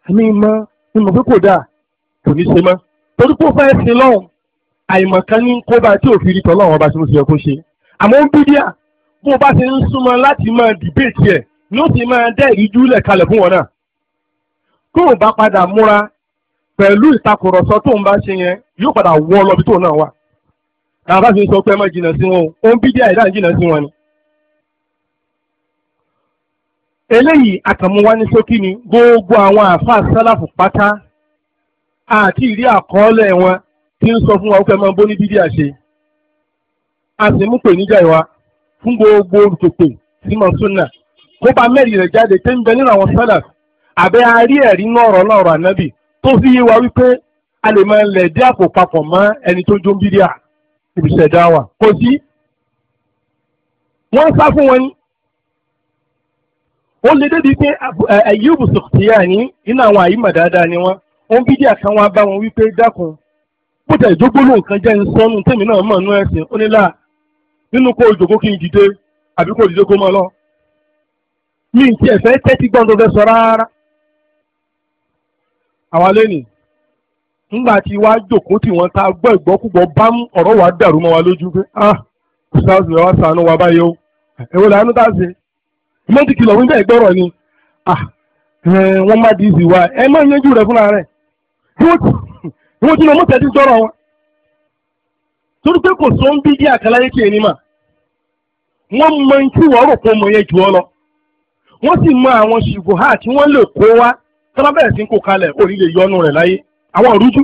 èmi mọ ni mo fi kò dáa kò ní ṣe mọ́ torí kó fẹ́ ṣe lọ́hùn àìmọ̀kan ní kóbá tí ò fi rí tọ́lọ́ àwọn ọba tí mo ṣe yẹ kó ṣe àmọ́ ń bídíà bó o bá ṣe ń súnmọ́ láti máa dìbéètì ẹ̀ ni ó sì máa dẹ́ ìjú lẹ̀ kalẹ̀ fún wọn náà tó o bá padà múra pẹ̀lú ìtakùrọ̀sọ tó ń bá ṣe yẹn yóò padà wọ́ lọ bí tó náà wà. àwọn bá fi sọ pé ẹ má jìnnà sí wọn o ó ń bídíà ìdá jìnnà sí wọn ni. eléyìí àkànmúwá ní ṣókí ni gbogbo àwọn àáfàá sálàfù pátá àti ìrí àkọọ́lẹ̀ wọn tí ń sọ fún wa ó fẹ́ máa bó ní bíbí àṣe a sì mú pèníjà ìwà fún gbogbo olùpèpè sí mọ̀túnà kó bá mẹ́rin rẹ̀ jáde pé ń bẹ nínú àwọn sálàfù àbẹ́ arí ẹ̀rí nọ̀rọ̀ nọ̀rọ̀ ànábì tó fi yé wa wípé a lè máa lẹ̀ dí àpò papọ̀ mọ́ ẹni tó jó ń bíbí à ìbùsẹ̀dá wa kò sí wọ́n sá fún wọn ni. ó lè débi pé Ayubu Sukhtiyani nínú àwọn àyímọ̀ dáadáa ni wọ́n wọ́n bí díẹ̀ kan wá bá wọn wípé dákun bó tẹ̀ nǹkan jẹ́ nsọ́nù tèmi náà mọ̀ nú ẹ̀sìn ó nílà nínú kó kí n dìde àbí kó dìde kó mọ́ lọ. mi n tiẹ̀ fẹ́ tẹ́tí gbọ́n tó fẹ́ sọ rárá. àwa lẹ́nìí ńgbà tí wá jòkó tí ta gbọ́ ìgbọ́kúgbọ́ bá ń ọ̀rọ̀ wá wa lójú pé ah kùsà wa mọ́tì kìlọ̀ wí bẹ́ẹ̀ gbọ́rọ̀ ni ah, eh, wọ́n má dìísì wá ẹ má yanjú rẹ̀ fúnra rẹ̀ wọ́n ti lọ mọ́tì ẹ̀dín sọ̀rọ̀ wọn. torí pé kò sọ ń bí díẹ̀ àkàláyé kí ẹni mà wọ́n mọ ní tí wọ́n ọmọ yẹn jù lọ wọ́n sì mọ àwọn ha tí wọ́n lè kó wá tọ́lá bẹ̀rẹ̀ sí kó kalẹ̀ òní lè yọnu rẹ̀ láyé àwọn òrújú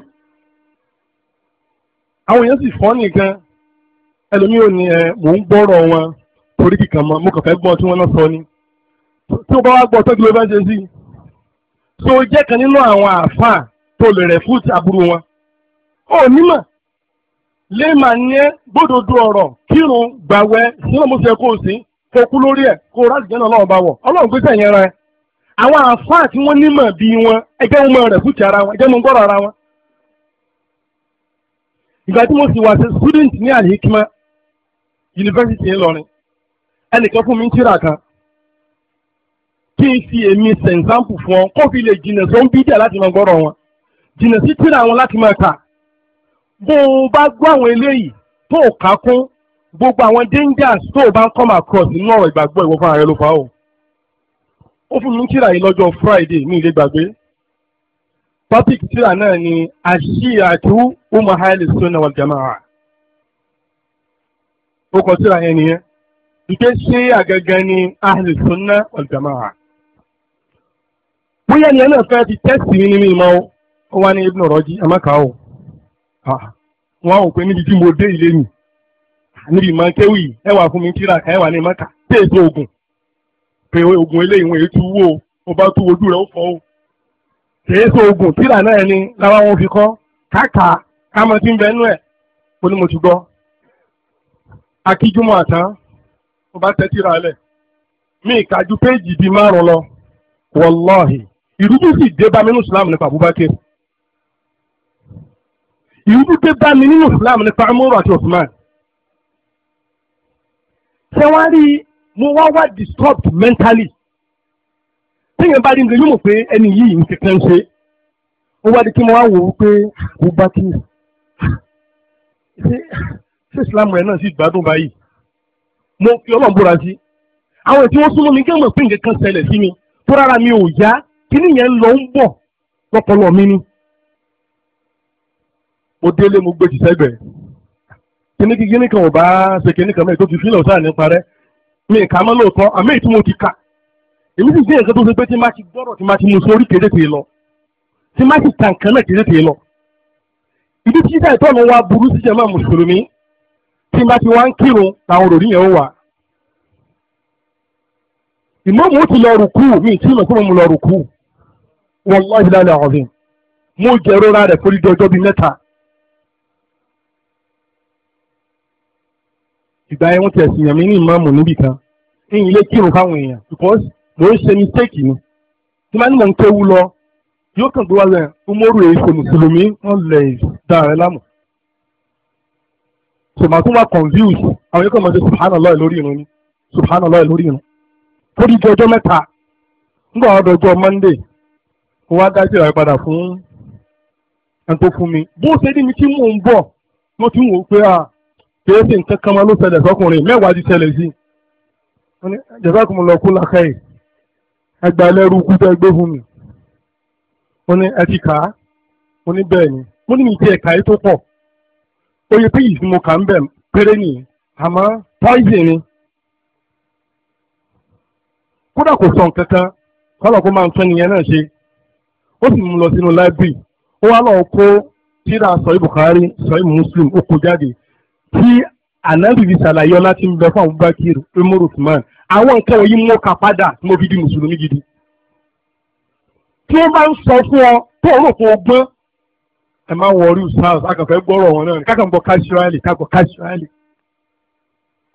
àwọn èèyàn sì fọ́ nìkan ẹlòmíràn ni mò ń gbọ́rọ̀ wọn sọ ni tí ó bá wá gbọ́ tó kí ló fẹ́ ṣe sí i so jẹ́ kan nínú àwọn àáfàá tó lè rẹ̀ fún àbúrò wọn ó nímọ̀ léèmà ní ẹ gbódòdó ọ̀rọ̀ kírun gbàwẹ̀ sílẹ̀ mo ṣe kó o sí kó o kú lórí ẹ̀ kó o rásì jẹ́ náà ọlọ́run bá wọ̀ ọlọ́run gbé sẹ̀yìn rẹ àwọn àáfàá tí wọ́n nímọ̀ bí wọn ẹgbẹ́ wọn mọ̀ rẹ̀ fún ti ara wọn ẹgbẹ́ wọn gbọ́rọ̀ ara wọn. ìgbà tí mo sì wà sí student ní al University ńlọrin ẹnìkan fún mi ń tíra kan kí n fi èmi sẹ̀ǹsáǹpù fún ọ kó fi lè jìnà tó ń bí díẹ̀ láti máa gbọ́rọ̀ wọn jìnà sí tíra wọn láti máa kà bó o bá gbọ́ àwọn eléyìí tó o kà kún gbogbo àwọn dangers tó o bá ń come across nínú ọ̀rọ̀ ìgbàgbọ́ ìwọ fúnra rẹ ló fà ó ó fún mi ní tíra yìí lọ́jọ́ Friday mi ì lè gbàgbé topic tíra náà ni àṣìyàtú umahali sunna wal jamaa ó kọ tíra yẹn nìyẹn ìgbésí àgàgà ni ahli sunna wal jamaa. bóyá ẹni náà fẹ́ fi tẹ́sì mi ní mi mọ́ ọ wá ní ibùdó ọ̀rọ̀ jí amáka o wọn ò pé níbi tí mo dé ilé mi níbi ìmọ̀kéwì ẹ wà fún mi kíra ẹ wà ní maka tí èso oògùn pé oògùn eléyìí wọn ètò oju ó bá tó ojú rẹ ó fọ o oògùn náà ni láwa wọn fi káàkà tí ń bẹ nú ní mo ti mo bá ìrújú sì dé bá mi nínú islam nípa abubakar ìrújú dé bá mi nínú islam nípa amúrò àti osman ṣé wọ́n rí mo wá wá disturbed mentally téèyàn bá rí nǹkan yóò mọ̀ pé ẹni yìí ń kankan ṣe ó wá di kí mo wá wò ó pé abubakar ṣé ṣé islam rẹ̀ náà sì gbádùn báyìí mo fi ọlọ́run búra sí àwọn tí wọ́n súnmọ́ mi kí wọ́n mọ̀ pé nǹkan kan ṣẹlẹ̀ sí mi tó rárá mi ò yá kíní yẹn ń lọ ń bọ̀ lọ́pọlọ mi ni mo délé mo gbé jìṣẹ́ gbẹ̀ kíní kí kíní kan ò bá ṣe kíní kan mẹ́rin tó ti fílẹ̀ ọ̀sán nípa rẹ̀ mi ì ká mọ́ lóòótọ́ àmì tí mo ti kà èmi sì sí nǹkan tó ṣe pé tí má ti gbọ́dọ̀ tí má ti mú sórí kéde tè lọ tí má ti tàn kan náà kéde tè lọ ibi tí sísá ìtọ́nù wa burú sí jẹ́ máa mùsùlùmí tí má ti wá ń kírun làwọn òròrí yẹn ó wà ìmọ̀ọ́mù ó ti lọ rùkú mi ì tí mo lọ rùkú wàláhi lálẹ́ ọ̀rìn mo jẹ ìrora rẹ̀ fún ìdí bíi mẹ́ta. ìgbà yẹn ti ẹ̀sìn yàn mí ní ìmáàmù níbì kan ní ilé kírun fáwọn èèyàn because ń ṣe mistake ni tí máa ń lọ yóò kàn umoru mùsùlùmí wọn àwọn yóò kàn ṣe lórí irun ni lórí irun fún mẹ́ta ń ó wá dá tìrà padà fún ẹni tó fún mi bó ṣe ní mi tí mò ń bọ̀ mo ti ń wò ó pé à ah, kìí ṣe nǹkan kan máa ló ṣẹlẹ̀ sọkùnrin mẹ́wàá ti ṣẹlẹ̀ sí i jẹ́sàkùn lọ kú làkàì ẹgbà ẹlẹ́rú kú tẹ́ gbé fún mi mo ní ẹ ti kà á mo ní bẹ́ẹ̀ ni mo ní mi ti ẹ̀ka yìí tó pọ̀ oye péyì tí mo kà ń bẹ̀ péré nìyí àmọ́ pọ́ìsì ni kódà kò sọ nǹkan kan kọ́lọ̀ kó máa ń tún nìyẹn náà ṣe. ó sì mú lọ sínú library ó wá lọ kó tírà sọ̀rí Bukhari sọ̀rí Muslim ó kó jáde tí ànábì ṣàlàyé ọlá tí ń bẹ fún Abubakar Umar Usman àwọn nǹkan ka padà tí mo gidi tí wọ́n bá ń sọ fún ọ tó rò fún ọgbọ́n ẹ máa wọ orí sars akànfẹ́ gbọ́rọ̀ wọn náà kákan káṣíráàlì kákan káṣíráàlì.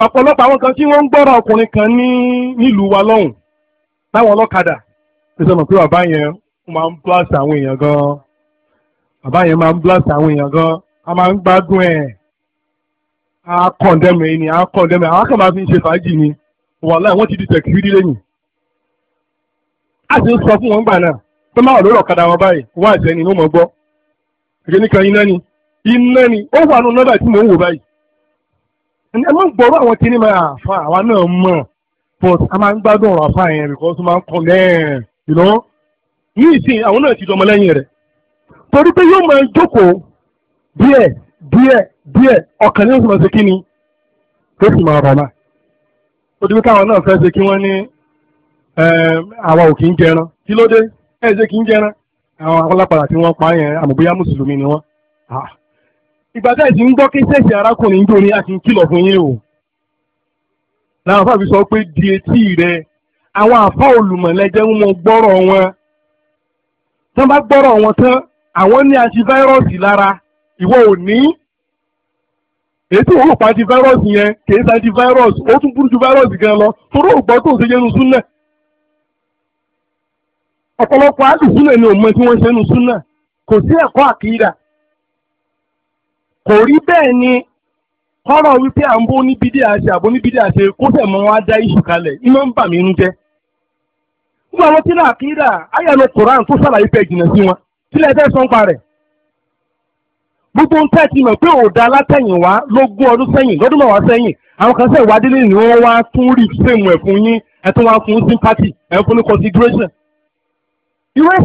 ọ̀pọ̀lọpọ̀ àwọn kan tí wọ́n ń kan ní nílùú wa lọ́hùn táwọn ọlọ́kadà ó máa ń blast àwọn èèyàn gan bàbá yẹn máa ń blast àwọn èèyàn gan a máa ń gbádùn ẹ̀ á kọ̀ndẹ́mù ẹ̀ ni á kọ̀ndẹ́mù ẹ̀ àwọn kan máa fi ń ṣe fàájì ni wàhálà wọ́n ti di tẹ̀kìrì lẹ́yìn a ti ń sọ fún wọn gbà náà pé máa lórí ọ̀kadà wọn báyìí wọ́n àṣẹ ni ló mọ̀ gbọ́ èké nìkan iná ni iná ni ó wà nù nọ́mbà tí mò ń wò báyìí ẹ máa ń gbọ́rọ̀ àwọn kìíní máa fa àwa náà mọ̀ but a máa ń gbádùn ọ̀rọ̀ àfa yẹn because ó máa ń kọ́ you know ní ìsìn àwọn náà ti dọmọ lẹ́yìn rẹ̀ torí pé yóò máa jókòó díẹ̀ díẹ̀ díẹ̀ ọkàn ní oṣù lọ́sẹ̀ kínní tó sì máa rọ̀mà ó dúró káwọn náà fẹ́ ṣe kí wọ́n ní àwa ò kì jẹran kí ló dé ẹ̀ ṣe jẹran àwọn tí wọ́n pa yẹn mùsùlùmí ni wọ́n. ìgbà tá ń gbọ́ kí sẹ́ẹ̀sì arákùnrin ní àti fún yín o làwọn sọ pé di etí rẹ àwọn olùmọ̀lẹ́jẹ́ ń mọ gbọ́rọ̀ tí wọ́n bá gbọ́rọ̀ wọn tán àwọn ní antivirus lára ìwọ ò ní èyí tí òun ò pa antivirus yẹn kìí ṣe antivirus ó tún burú ju virus gan lọ torí ògbọ́ tó ń ṣe yẹnu súnà ọ̀pọ̀lọpọ̀ àlùsúnà ni òun mọ tí wọ́n ṣe nu súnà kò sí ẹ̀kọ́ àkìrà kò rí bẹ́ẹ̀ ni kọ́rọ̀ wípé à ń bó níbi dí àṣẹ àbó níbi dí àṣẹ kó tẹ̀ mọ́ wá dá iṣu kalẹ̀ ìmọ̀ ń bà mí nú jẹ́. gbogbo àwọn tí náà àkídà koran tó ṣàlàyé pé jìnnà sí wọn tílẹ̀ ẹ̀fẹ́ sọ́npa rẹ̀ gbogbo ń tẹ́tí mọ̀ pé òòdà wá lógún ọdún sẹ́yìn lọ́dún mọ̀wá sẹ́yìn àwọn kan sẹ́ ìwádìí lè ní wọ́n wá tún rí fíìmù yín wá fún sympathy ní consideration wọn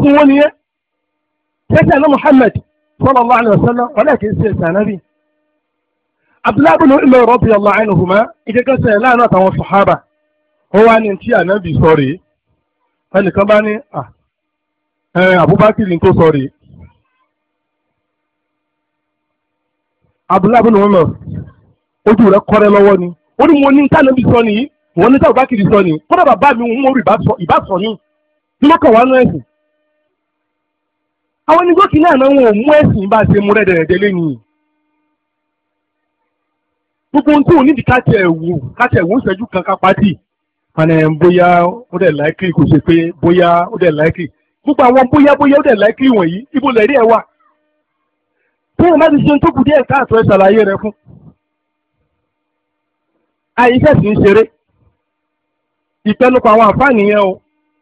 sẹ́sẹ̀ náà wa sallam ọ̀lẹ́ ẹnìkan bá ní ah, Abubakar ní tó sọ rèé Abdullahi bin Umar ojú rẹ̀ kọ́rẹ́ lọ́wọ́ ni ó ní mo ní níta níbi sọ nìyí wọ́n ní níta Abubakar sọ nìyí kódà bàbá mi ń mú ìbá sọ ní tí wọ́n kàn wá nú ẹ̀sìn àwọn ẹni gòkè náà náà wọn ò mú ẹ̀sìn bá a ṣe mú rẹ̀ dẹ̀rẹ̀dẹ̀ gbogbo ohun tí òun nídìí ká tẹ̀ wò ká tẹ̀ ń ṣẹ́jú kan pàtì panẹ bóyá ó dẹ̀ láìkì kò ṣe pé bóyá ó dẹ̀ láìkì gbogbo àwọn bóyá bóyá ó dẹ̀ láìkì wọ̀nyí ibo lẹ̀rí ẹ̀ wà bóyá má ti ṣe tó kù díẹ̀ káàtó ẹ̀ ṣàlàyé rẹ̀ fún àyíṣẹ́ sì ń ṣeré ìfẹ́nukọ àwọn àfáà nìyẹn o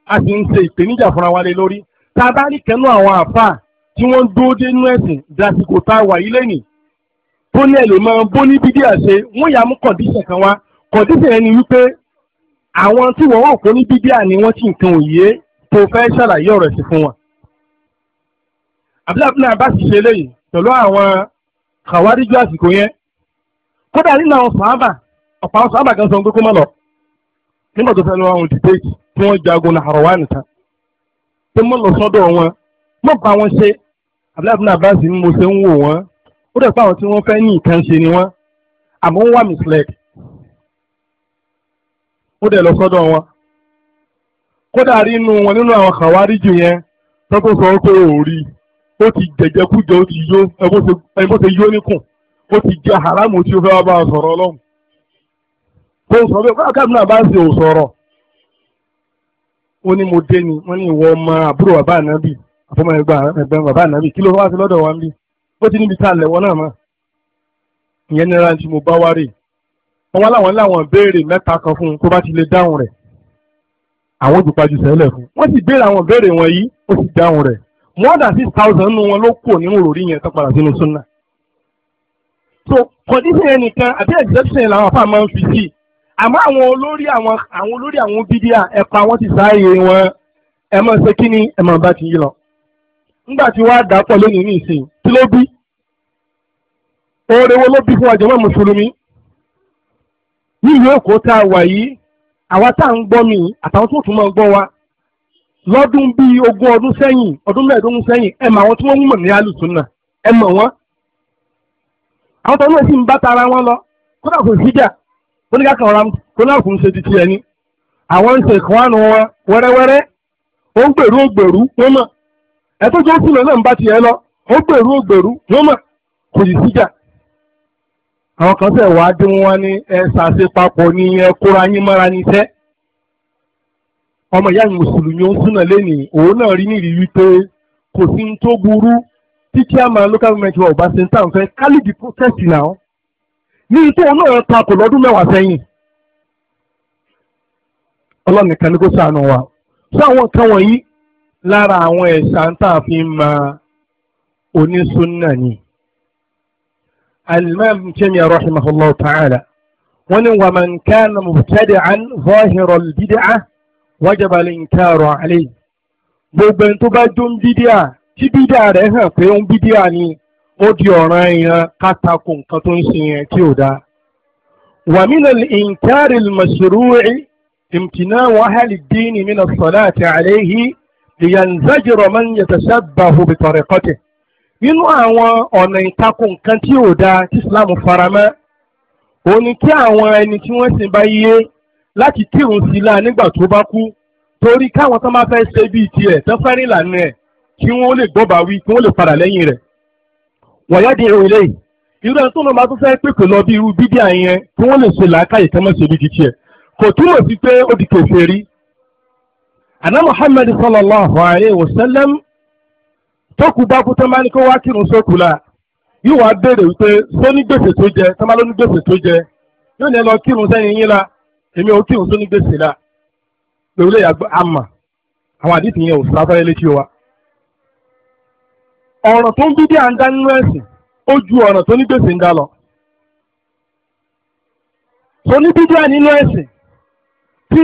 a sì ń ṣe ìpèníjà fúnra wa lé lórí tá a bá rí kẹnu àwọn àfáà tí wọ́n dúró dé inú ẹ̀sìn dasìkò tá a wà yí lẹ́nìí tó ní ẹ̀ lè máa bó ní bídíà ṣe wọ́n yà mú kọ̀díṣẹ̀ àwọn tí wọ́n rò pé ní bíbíà ni wọ́n ti nǹkan òye tó fẹ́ ṣàlàyé ọ̀rọ̀ sí fún wọn. abdullahi abdullahi bá sì ṣe eléyìí pẹ̀lú àwọn kàwádìjú àsìkò yẹn kódà nínú àwọn sàábà ọ̀pọ̀ àwọn sàábà kan sọ pé kó má lọ nígbà tó fẹ́ lọ àwọn debate tí wọ́n jagun ní àrọ̀wá nìkan pé mọ́ lọ sọ́dọ̀ wọn mọ́ bá wọn ṣe abdullahi abdullahi bá sì ń mo ṣe ń wò wọ́n ó dẹ̀ pé àwọn tí wọ́n fẹ́ ní ìkànṣe ó dẹ̀ lọ sọ́dọ̀ wọn kódà rí inú wọn nínú àwọn kàwáríjì yẹn tọ́kọ̀ sọ pé ò rí ó ti jẹjẹkújẹ ó ti yó ẹni bó ṣe yó níkùn ó ti jẹ haramu tí ó fẹ́ wá bá a sọ̀rọ̀ ọlọ́run kó o sọ pé kó àkàtúntò náà bá ṣe ò sọ̀rọ̀ ó ní mo dé ni wọ́n ní ìwọ ọmọ àbúrò bàbá ànábì àfọmọ ẹgbẹ́ bàbá ànábì kí ló fẹ́ wá sí lọ́dọ̀ wa ń bí ó ti níbi tá a lẹ̀wọ́ náà mọ́ ìyẹn nira tí mo bá wá rèé wọ́n wá láwọn láwọn béèrè mẹ́ta kan fún un kó bá ti lè dáhùn rẹ̀ àwọn olùpàjù sẹ́lẹ̀ fún un wọ́n sì béèrè àwọn béèrè wọn yìí ó sì dáhùn rẹ̀ more than six thousand nínú wọn ló kù nínú òròrí yẹn tó padà sínú súnà. so condition yẹn nìkan àti exception làwọn afa máa ń fi sí àmọ́ àwọn olórí àwọn àwọn olórí àwọn bídíà ẹ̀pà wọn ti sáàyè wọn ẹ̀ máa ṣe kí ni ẹ̀ máa bá ti yí lọ. nígbà tí wàá dà pọ̀ lónìí ní ìsìn kí ló bí? oore wo ló bí fún àjẹmọ́ mùsùlùmí? nílùú èkó tá a wà yìí àwa tá à ń gbọ́ mi àtàwọn tó tún máa gbọ́ wa lọ́dún bíi ogún ọdún sẹ́yìn ọdún mẹ́ẹ̀ẹ́dógún sẹ́yìn ẹ mọ̀ àwọn tí wọ́n ń mọ̀ ní ẹ mọ̀ wọ́n. àwọn tó ń sí ń bá tara wọn lọ kódà kò síjà oníkà kan ra kódà kò ń ṣe ti tiẹ̀ ni. àwọn ń ṣe were wọn wẹ́rẹ́wẹ́rẹ́ ó ń gbèrú wọ́n mọ̀ ẹ̀ tó àwọn kan sẹ̀ wá dé wọn ní ẹ ṣàṣe papọ̀ ní ẹ kóra yín mọ́ra ní iṣẹ́ ọmọ ìyá mùsùlùmí ó ń súnà lẹ́nìí òun náà rí nìrí wípé kò sí ní tó burú tí chairman local government wa ọba ṣe ń tà ń fẹ́ kálídì protest náà ní lọdụ òun náà lọ́dún mẹ́wàá wa sọ àwọn kan wọ̀nyí lára àwọn ẹ̀ṣà ń fi ma الإمام ابن تيمية رحمه الله تعالى ومن كان مبتدعا ظاهر البدعة وجب الإنكار عليه gbogbo ẹni tó bá jó ń bídíà tí bídíà rẹ̀ hàn pé ó ń ومن الإنكار المشروع امتناع أهل الدين من الصلاة عليه لينزجر من يتشبه بطريقته nínú àwọn ọ̀nà ìtakò nǹkan tí ò dáa tí Islam faramọ́ òun ni kí àwọn ẹni tí wọ́n sì bá yé láti kírun sí la nígbà tó bá kú torí káwọn tó máa fẹ́ ṣe bíi tiẹ̀ tó fẹ́ rìn lànà ẹ̀ kí wọ́n lè gbọ́ bá wí kí wọ́n lè padà lẹ́yìn rẹ̀ wọ̀nyá di irun eléyìí irú ẹni tó lọ́ máa tún fẹ́ pèpè lọ bí irú bídíà yẹn kí wọ́n lè ṣe làákàyè kí wọ́n ṣe bíi tiẹ̀ kò túmọ̀ sí pé ó di kèfèrí àná sallallahu alayhi wa sallam tókù bá kú tó máa ní kó wá kírun sókù la yóò wá béèrè wípé sóní gbèsè tó jẹ máa lóní gbèsè tó jẹ yóò ní ẹ lọ kírun sẹ́yìn yín la èmi ò kírun sóní gbèsè la lórí ẹ̀yà àmà àwọn àdìsí yẹn ò létí wa. ọ̀ràn tó ń bí díà ń dá nínú ẹ̀sìn ó ju ọ̀ràn tó ní gbèsè ń dá lọ. sóní bí nínú ẹ̀sìn tí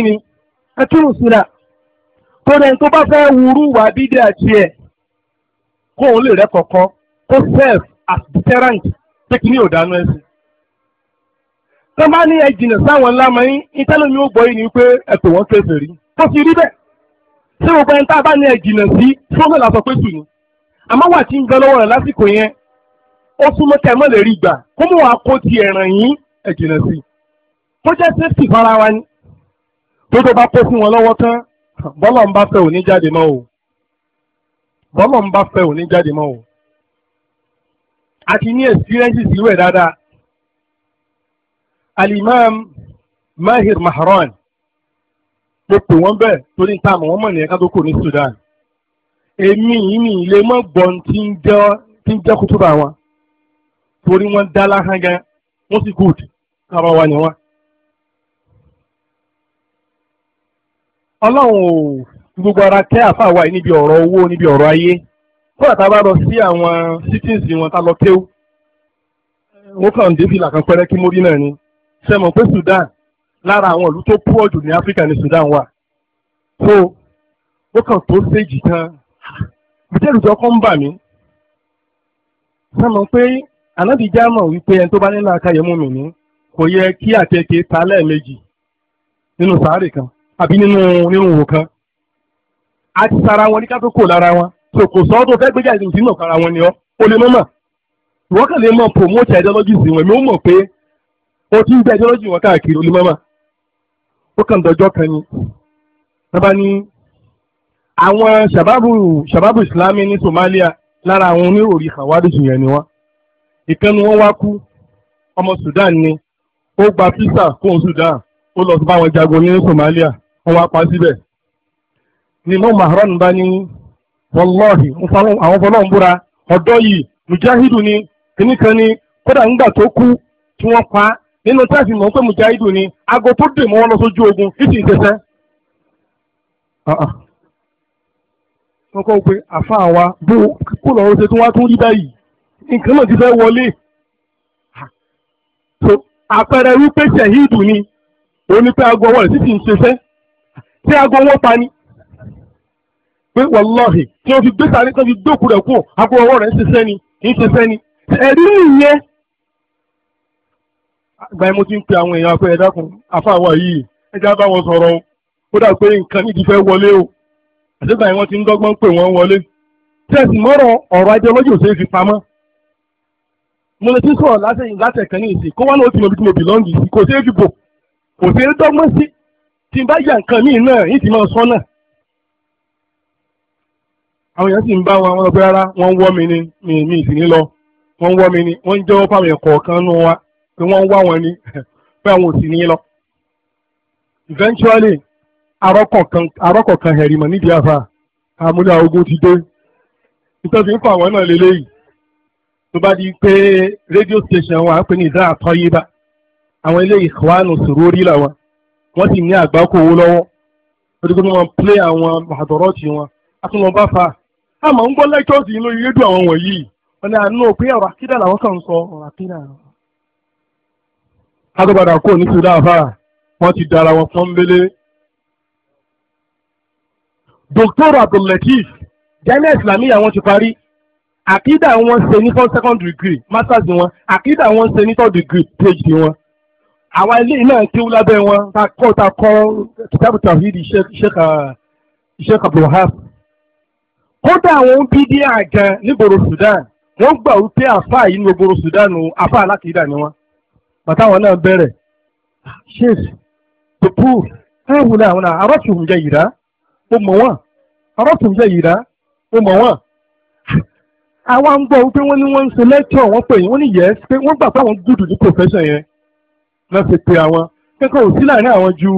wọn akírun sílà tó dẹ̀ tó bá fẹ́ wúrú wà bídẹ́ àti ẹ̀ kó òun lè rẹ́ kọ̀kọ́ kó serve as deterrent pé kí ni ò dáná ẹ̀sìn. tó bá ní ẹ jìnnà sáwọn ńlá yín ìtẹ́lómi ó gbọ́ yìí ni pé ẹ̀tọ́ wọn kẹfẹ́ fèrè. tó fi rí bẹ́ẹ̀ ṣé gbogbo ẹni tá a bá ní ẹ jìnnà sí sọ́kè làsọ pé tù ní àmọ́ wà tí ń gbẹ lọ́wọ́ rẹ̀ lásìkò yẹn ó súnmọ́ kẹ́ mọ́ lè rí gbà kó mọ̀ kó ti ẹ̀ràn yín jìnnà sí. jẹ́ safety fara wa ni tó tó bá kó fún wọn lọ́wọ́ tán bọ́lọ̀ ń bá fẹ́ òní jáde mọ́ o bọ́lọ̀ ń bá fẹ́ òní jáde mọ́ o a ní experience ìlú ẹ̀ dáadáa alimam mahir mahran mo pè wọ́n bẹ́ẹ̀ torí ń ta àmọ́ wọ́n mọ̀ nìyẹn ká kò ní Sudan èmi yìí mi lè mọ̀ gbọ́n tí ń jẹ́ tí ń jẹ́ kútúbà wọn torí wọ́n dá láhán wọ́n sì gùd àwọn wa ni wọ́n. ọlọ́run ò gbogbo ara kẹ́ àfa wa níbi ọ̀rọ̀ owó níbi ọ̀rọ̀ ayé kódà tá a bá lọ sí àwọn sítìǹsì wọn tá lọ kéwú wọn kàn dé fìlà kan pẹ́rẹ́ kí mórí náà ni sẹ́mọ̀ pé Sudan lára àwọn ìlú tó pọ̀ jù ní Áfíríkà ní Sudan wà so ó kàn tó séjì kan bìtẹ́lù tí ọkọ ń bà mí sẹ́mọ̀ pé ànábìjá mọ̀ wípé ẹni tó bá nílò akayẹ̀mú mi ní kò yẹ kí àtẹ̀kẹ́ ta lẹ́ẹ̀mejì nínú sàárè kan àbí nínú nínú òwò kan àti sara wọn ní ká tó kò lára wọn tó kò sọ tó fẹ́ gbéjà ìdìbò sínú ọ̀kan wọn ni ọ́ o lè mọ́mọ́ ìwọ́n kàn lè mọ promote ideologies wọn èmi ó mọ̀ pé o ti ń gbé ideology wọn káàkiri o lè mọ́mọ́ ó kàn dọjọ́ kan ni bàbá ní àwọn shababu shababu islami ní Somalia lára àwọn oníròrí kàwádìí yẹn ni wọn ìkànnì wọn wá kú ọmọ Sudan ni ó gba fisa fún Sudan ó lọ bá wọn jagun ní Somalia wọ́n wá pa síbẹ̀ ni mọ́ mahran bá ní wọlọ́ọ̀hì àwọn fọlọ́ọ̀n búra ọ̀dọ́ yìí mujahidu ni kìnnìkan ni kódà tó kú tí wọ́n pa nínú táàsì mọ̀ pé mujahidu ni aago tó dè wọn lọ sójú ogun ìsìn ìṣẹ̀ṣẹ̀. Ah, ah. wọ́n kọ́ pé àfa àwa bó kó lọ́wọ́ ṣe tí wọ́n á tún rí báyìí nǹkan náà ti fẹ́ wọlé. Ah. ni òun ni pé aago ọwọ́ ṣé aago wọn pa ni pé wàláhì tí wọ́n fi gbé sáré tí wọ́n fi gbókù rẹ̀ kú aago ọwọ́ rẹ̀ ń ṣiṣẹ́ ni kì í ṣiṣẹ́ ni ẹ̀rí nìyẹn. àgbà mo ti ń pe àwọn èèyàn pé ẹ dákun afáwa yìí ẹ já bá wọn sọ̀rọ̀ o ó dà pé nǹkan nídìí fẹ́ wọlé o àtẹ́gbà yẹn wọ́n ti ń dọ́gbọ́n pé wọ́n wọlé tẹ̀sí mọ́rọ̀ ọ̀rọ̀ ajé ọlọ́jọ́ òṣèré fi pamọ́ mo lè ti sọ̀rọ̀ látẹ̀yìn látẹ̀kan ní ìsìn kó wá lóò ti mọ̀ bí mo bìlọ́ǹgì sí kò sí èdìbò kò sí èdọ́gbọ́n sí tí n bá yà nǹkan míì náà yìí ti máa sọ náà. àwọn èèyàn sì ń bá wọn àwọn ọgbẹ́ rárá wọ́n ń wọ́ mi ni mi mi sì ní lọ wọ́n ń wọ́ mi ni wọ́n ń jẹ́wọ́ fáwọn ẹ̀kọ́ kan nù wa pé wọ́n ń wá wọn ni pé àwọn ò sì ní lọ. eventually arọ́kọ̀ kan hẹ̀rì mọ̀ nídìí àfà àmúlẹ̀ ogun ti dé nítorí ń fa àwọn náà lélẹ́yìí tó bá di pé rédíò station wa á pè ní ìdá àtọ́yé bá àwọn ilé ìkọ́wánu sùúrù rí làwọn wọ́n sì ní àgbákò owó lọ́wọ́ torí pé wọ́n plé àwọn àdọ̀rọ̀ tí wọn àtúnlọ́ba fa àmọ́ ń gbọ́ lẹ́kọ̀ọ́sì yìí lórí rédíò àwọn wọ̀nyí wọn ni àánú òpin ọ̀rọ̀ akídà làwọn kan ń sọ ọ̀rọ̀ akídà rẹ̀. agbábadà kò ní sùdá àfà wọ́n ti dára wọn fún mbélé. Dr Abdullateef jamiu islamiyya wọ́n ti parí akídà wọn ṣe ní first second degree masters wọn akídà wọn ṣe ní third degree PhD wọn àwọn ilé ilé tí ó lábẹ́ wọn ta kọ́ ta kọ́ kìtàbù tàwíìdì iṣẹ́ kabdulwahab kódà àwọn bídíà gan nígboro Sudan wọ́n gbà wípé àfa yìí ní gbogbo Sudan àfa alákìídà ni wọ́n bàtà àwọn náà bẹ̀rẹ̀ ṣèṣì tó pù ẹ̀ wù náà àwọn náà arọ́tùm jẹ́ yìrá ó mọ̀ wọ́n arọ́tùm jẹ́ yìrá ó mọ̀ wọ́n àwọn ń gbọ́ wípé wọ́n ní wọ́n ń ṣe lẹ́tọ̀ wọ́n pè wọ́n ní yẹ́s pé wọ́n gbà pé àwọn gùdù ní profession yẹn lọ́sẹ̀ pé àwọn kẹ́kọ̀ọ́ ò sí láàrin àwọn ju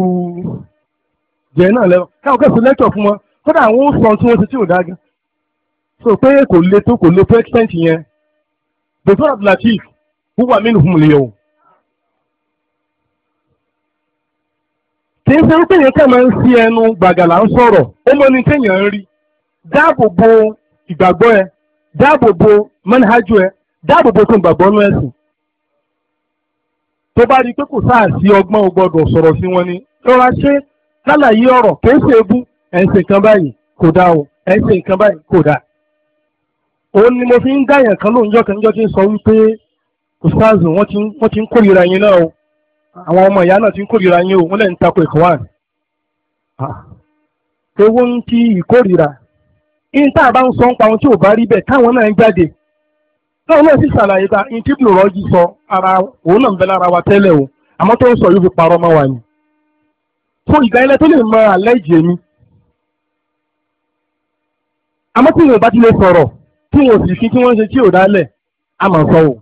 jẹ́ náà lẹ́wọ̀ káwọn kẹ́sùn lẹ́tọ̀ fún wọn kódà àwọn ó sọ tí wọ́n ti tí ò dága so pé kò le tó kò le tó extent yẹn dr abdulateef wúwa mínú fún mi lè yẹ o. kì í ṣe wípé yẹn ká máa ń sí ẹnu gbàgàlà ń sọ̀rọ̀ ó mọ ní téèyàn ń rí dáàbò bo ìgbàgbọ́ ẹ dáàbò bo manhajú ẹ dáàbò bo tó ń gbàgbọ́ nú ẹ̀sìn tó bá rí pé kò sáà sí ọgbọ́n ò gbọ́dọ̀ sọ̀rọ̀ sí wọn ni lọ́ra ṣe lálàyé ọ̀rọ̀ kò ṣe é bú ẹ̀ ń o ẹ̀ báyìí kò dáa. òun ni mo fi ń dáyàn kan lóun jọ́ kan jọ́ sọ wípé ustaz wọ́n ti ń kórìíra yín náà o àwọn ọmọ ìyá náà ti ń kórìíra yín o wọ́n lẹ̀ ń takò ewu ń ti ìta ń sọ ń pa ohun tí ò bá táwọn náà sì ṣàlàyé ta ní tí sọ ara òun náà ń bẹ lára wa tẹ́lẹ̀ o àmọ́ tó ń sọ yóò fi parọ́ mọ́ wa ni. fún ìgbà ilẹ̀ tó lè mọ àlẹ́ ìjẹ́ mi àmọ́ tí wọn bá ti lè sọ̀rọ̀ tí wọn sì fi tí wọ́n ṣe tí ò dálẹ̀ a máa sọ o.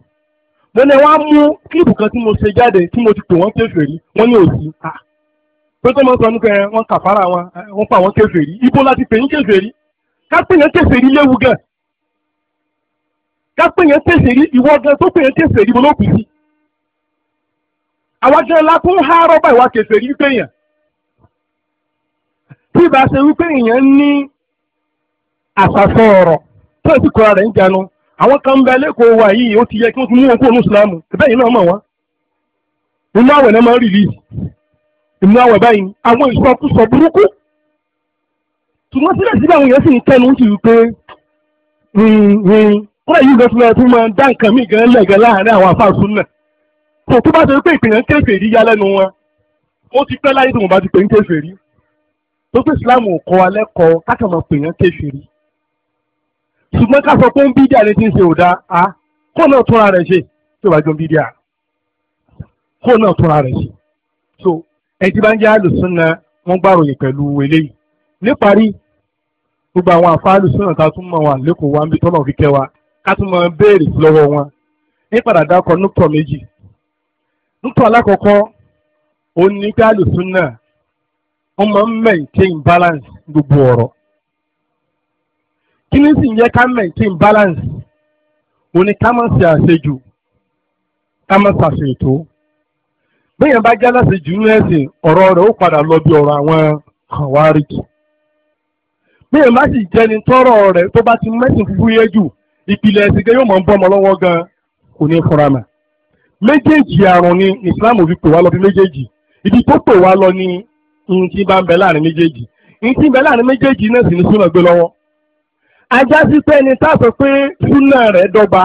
mo ní wọ́n á mú kílìpù kan tí mo ṣe jáde tí mo ti pè wọ́n kèfèrí wọ́n ní òsì pé tó máa sọ nípa wọn kàfàrà wọn pa wọn kèfèrí ibo láti pè ní kèfèrí ká pè ní kèfèrí léwu gan kápẹ́ yẹn tẹ̀sẹ̀ rí ìwọ gan tó pé yẹn tẹ̀sẹ̀ rí mo ló kù sí. àwa gan la tó ń há rọ́bà ìwà kẹsẹ̀ rí wípé yẹn. tí ìbá ṣe wípé yẹn ní àṣàṣọ ọ̀rọ̀ tó ẹ̀ sì kọ́ra rẹ̀ ń janu àwọn kan ń bẹ lẹ́kọ̀ọ́ wa yìí ó ti yẹ kí wọ́n ti mú wọn kúrò ní ìsìlámù bẹ́ẹ̀ yìí náà mọ̀ wọ́n. inú àwẹ̀ náà máa ń rìlíìsì inú àwẹ̀ báyìí àwọn ìsọkúsọ burúkú ṣùgbọ́n síbẹ̀síbẹ̀ àwọn èèyàn sì ń kẹnu sí wípé kúrò yìí gan fúnra ẹ̀ tún máa ń dá nǹkan míì gan lẹ̀gẹ̀ láàárín àwọn afáàsùn náà tó tó bá ṣe pé ìpìyàn kèfèrí yá lẹ́nu wọn ó ti pẹ́ láyé tó mo bá ti pè ń kèfèrí tó pé ìsìláàmù ò kọ́ wa lẹ́kọ̀ọ́ káṣà máa pè yàn kèfèrí ṣùgbọ́n ká sọ pé ń bídíà ni ti ń ṣe ò dáa á kó náà túnra rẹ̀ ṣe tó bá jọ ń bídíà kó náà túnra rẹ̀ ṣe so ẹ ti bá ń jẹ́ àlùsùn náà wọ́n gbàròyìn pẹ̀lú eléyìí níparí gbogbo àwọn àfáàlùsùn náà ta tún mọ̀ wà ká tún máa béèrè lọ́wọ́ wọn ní padà dákọ nútọ̀ méjì nútọ̀ alákọ̀ọ́kọ́ òun ní pé àlùsùn náà wọ́n máa ń maintain balance gbogbo ọ̀rọ̀ kí ni sì ń yẹ ká maintain balance òun ni ká má ṣe àṣejù ká má ṣàṣe ètò bẹ́ẹ̀ bá já láti jù ẹ̀sìn ọ̀rọ̀ rẹ̀ ó padà lọ bí ọ̀rọ̀ àwọn kàwárìkì bẹ́ẹ̀ má sì jẹ́ni tọ́rọ̀ rẹ̀ tó bá ti mẹ́sìn fúfú yẹ jù ìpìlẹ̀ ẹ̀sìn gẹ́gẹ́ yóò mọ̀ ń bọ́ ọmọ lọ́wọ́ gan kò ní fúnra mà méjèèjì àrùn ni Islam fi pè wá lọ bí méjèèjì ibi tó pè wá lọ ni n ti bá ń bẹ láàrin méjèèjì n ti bẹ láàrin méjèèjì náà sì ní súnà gbé lọ́wọ́ ajá sí pé ẹni tá a sọ pé súnà rẹ̀ dọ́gba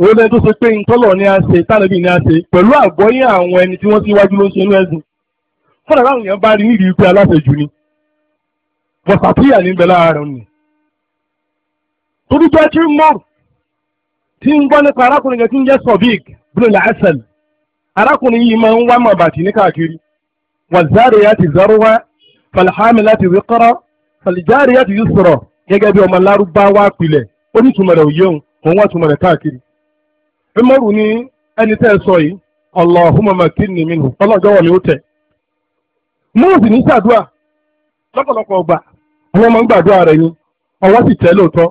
òun ẹni tó sọ pé ntọ́lọ̀ ni a ṣe tánàbí ni a ṣe pẹ̀lú àgbọ́yé àwọn ẹni tí wọ́n ti wájú ló ń ṣe inú ẹ̀sìn ni bọ̀sàtúyà torí jẹ́ kí mọ́r tí ń gbọ́ nípa arákùnrin kan tí ń jẹ́ sọ̀bík bínú làásẹ̀l arákùnrin yìí máa ń wá mọ̀ bàtì ní káàkiri wazariyati zarwa falhamilati wiqra faljariyati yusra gẹ́gẹ́ bí ọmọ lárúbáwá pilẹ̀ ó ní tùmọ̀ rẹ̀ òye òun wá tùmọ̀ káàkiri. mọ́rù ni ẹni tẹ́ ẹ sọ yìí ọlọ́jọ́ ni ó tẹ̀. mọ́ọ̀sì ní sàdúà lọ́pọ̀lọpọ̀ ọgbà àwọn ọmọ rẹ̀ ni ọwọ́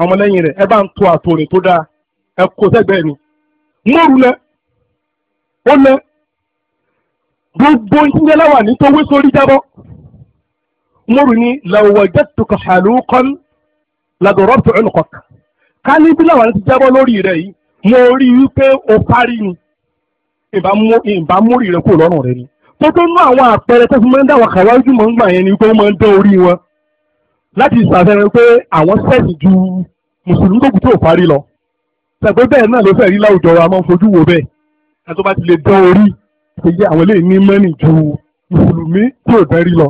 àwọn ọmọlẹ́yìn rẹ̀ ẹ bá ń to àtòrìn tó dáa ẹ kó sẹ́gbẹ́ ni mọ́ọ̀rù lẹ ó lẹ gbogbo ìtúndẹ́láwà ní tó wé sórí jábọ́ mọ́ọ̀rù ni làwọ̀jẹ́tùkọ̀ àlùkọ́n làdọ̀rọ̀ tó ẹnu kọ̀ọ̀kà ká ní bí làwọn ti jábọ́ lórí rẹ̀ yìí mo rí i wípé o parí ni ìbámúrì rẹ̀ kò lọ́rùn rẹ̀ ni tó tó nú àwọn àpẹẹrẹ tó fi máa ń dá wàkàwá ojú ń gbà yẹn ni pé ó máa ń dán orí wọn láti ṣàfihàn pé àwọn sẹ́ẹ̀sì ju mùsùlùmí tó kù tó parí lọ ṣàpé bẹ́ẹ̀ náà ló fẹ́ rí láwùjọ wa máa ń fojú wo bẹ́ẹ̀ ẹni tó bá ti lè dán orí ṣe yé àwọn eléyìí ní mẹ́nì ju mùsùlùmí tí ò dán rí lọ.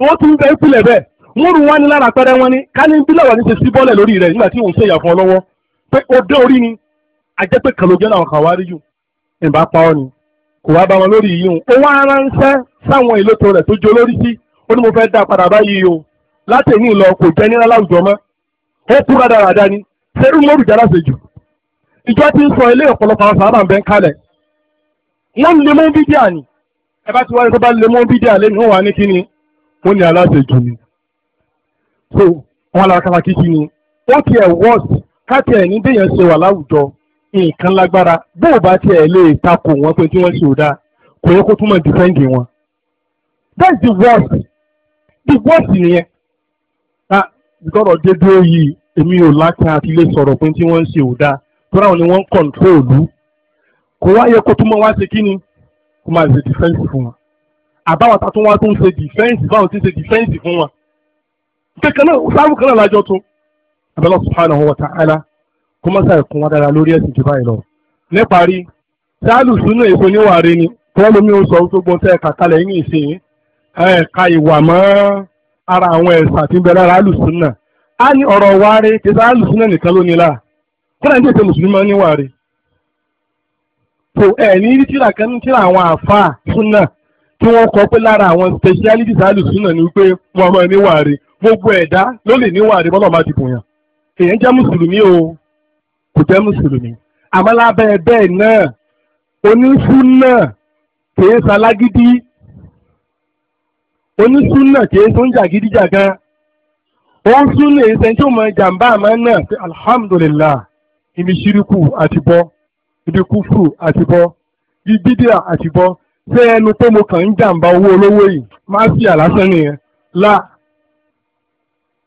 wọ́n tún fẹ́ pilẹ̀ bẹ́ẹ̀ wọ́n rú wọn ní lára pẹ́rẹ́ wọn ní kání bílẹ̀ ní ṣe sí bọ́ọ̀lẹ̀ lórí rẹ̀ nígbà tí òun ṣe ìyàfọ́ lọ́wọ́ pé ó dán orí ni àjẹpẹ́ kàlógẹ́ làwọn kà wá rí jù ìbá pa ọ́ ni kò wá bá wọn lórí yìí o ó wá ránṣẹ́ sáwọn ìletò rẹ̀ tó jẹ́ olórí sí ó ní mo fẹ́ dá padà báyìí o látẹ̀yìn lọ kò jẹ́ nínú aláwùjọ mọ́ ó kú rádaràda ni ṣerú mọ́rù jára ṣe jù ìjọ ti ń sọ ilé ọ̀pọ̀lọpọ̀ àwọn sábà ń bẹ́ ń kalẹ̀ wọ́n ń lé mọ́ bídíà ni ẹ bá ti wáyé tó bá ń lé mọ́ bídíà lẹ́nu wọn wà ní kíni wọ́n ní aláṣẹ jù ni so wọn lára kàkà kíkí ni ó tiẹ̀ wọ́ọ̀sì káàtì ẹ̀ ní déyàn ṣe wà láwùjọ nǹkan lágbára bó o bá tiẹ̀ lè takò wọn pé tí wọ́n ṣe ò kò yẹ kó túmọ̀ dìfẹ́ǹdì wọn that's the worst the worst nìyẹn gbọ́dọ̀ dé dúró yìí èmi ò lákàn àti ilé sọ̀rọ̀ pé tí wọ́n ń ṣe ò dáa tóra wọn ni wọ́n ń kọ̀ǹtróòlù kò wá yẹ kó tún mọ́ wá ṣe kí ni kó máa ṣe dìfẹ́ǹsì fún wọn àbáwọn ta tún wá tún ṣe dìfẹ́ǹsì báwọn ti ṣe dìfẹ́ǹsì fún wọn kankan náà sáàbù kan náà lájọ tún abẹ́lẹ́ subhanahu wa ta'ala kó má ṣàì kún wa dára lórí ẹ̀sìn jù báyìí lọ níparí sáàlù sínú èso níwàárí ni tọ́lómi ó sọ gbogbo tẹ́ ẹ̀ka kalẹ̀ yín ìsìn ẹ̀ka ìwà mọ́ ara àwọn ẹ̀sà tí ń bẹ lára alùsùnà á ní ọ̀rọ̀ wáre kì í sá alùsùnà nìkan ló la kúrẹ́ ní ètò mùsùlùmí máa ń níwà rè so ẹ ní rí tíra kan ní tíra àwọn àfáà súnà tí wọ́n kọ pé lára àwọn specialities alùsùnà ni wípé wọ́n máa níwà rè gbogbo ẹ̀dá ló lè níwà rè bọ́lá máa dìbò yàn èèyàn jẹ́ mùsùlùmí o kò jẹ́ mùsùlùmí àmọ́ lábẹ́ bẹ́ẹ̀ náà onísùnà kì í sá lágídí onísúnà kìí tó ń jàgídíjà gan òun súnà ẹsẹ̀ tí ó mọ jàǹbá àmọ́ náà pé alhamdulillah ibi ṣíríkù àti bọ́ ibi kúfù àti bọ́ ibi àti bọ́ ṣé ẹnu pé mo kàn ń jàǹbá owó olówó yìí máa fi àlásán nìyẹn láà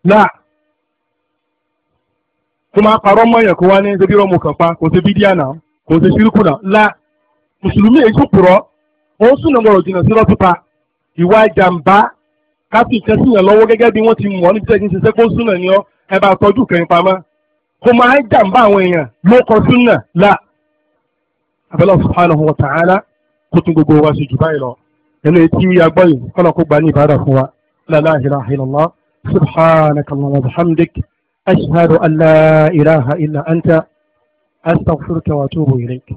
láà tó máa parọ́ mọ́yàn kó wá ní ṣe bí rọ́mù kan pa kò ṣe bídíà náà kò ṣe ṣíríkù náà láà mùsùlùmí èyí kò purọ́ òun súnà mọ̀rọ̀ jìnnà sí rọ́pípa ìwà jàǹbá káfí nǹkan sí yàn lọ́wọ́ gẹ́gẹ́ bí wọ́n ti mọ̀ níbi tẹ́sí ṣiṣẹ́ kó súnà ni ọ́ ẹ bá tọ́jú kẹrin pamọ́ kó máa jàǹbá àwọn èèyàn ló kọ súnà là abẹ́lẹ́ subhanahu wa ta'ala kó tún gbogbo wa sí jù báyìí lọ ẹnu etí agbọ́ yìí kọ́nà kó gbà ní ìbára fún wa la ilaha illallah subhanaka allahumma wa bihamdik ashhadu an la illa anta astaghfiruka wa atubu ilayk.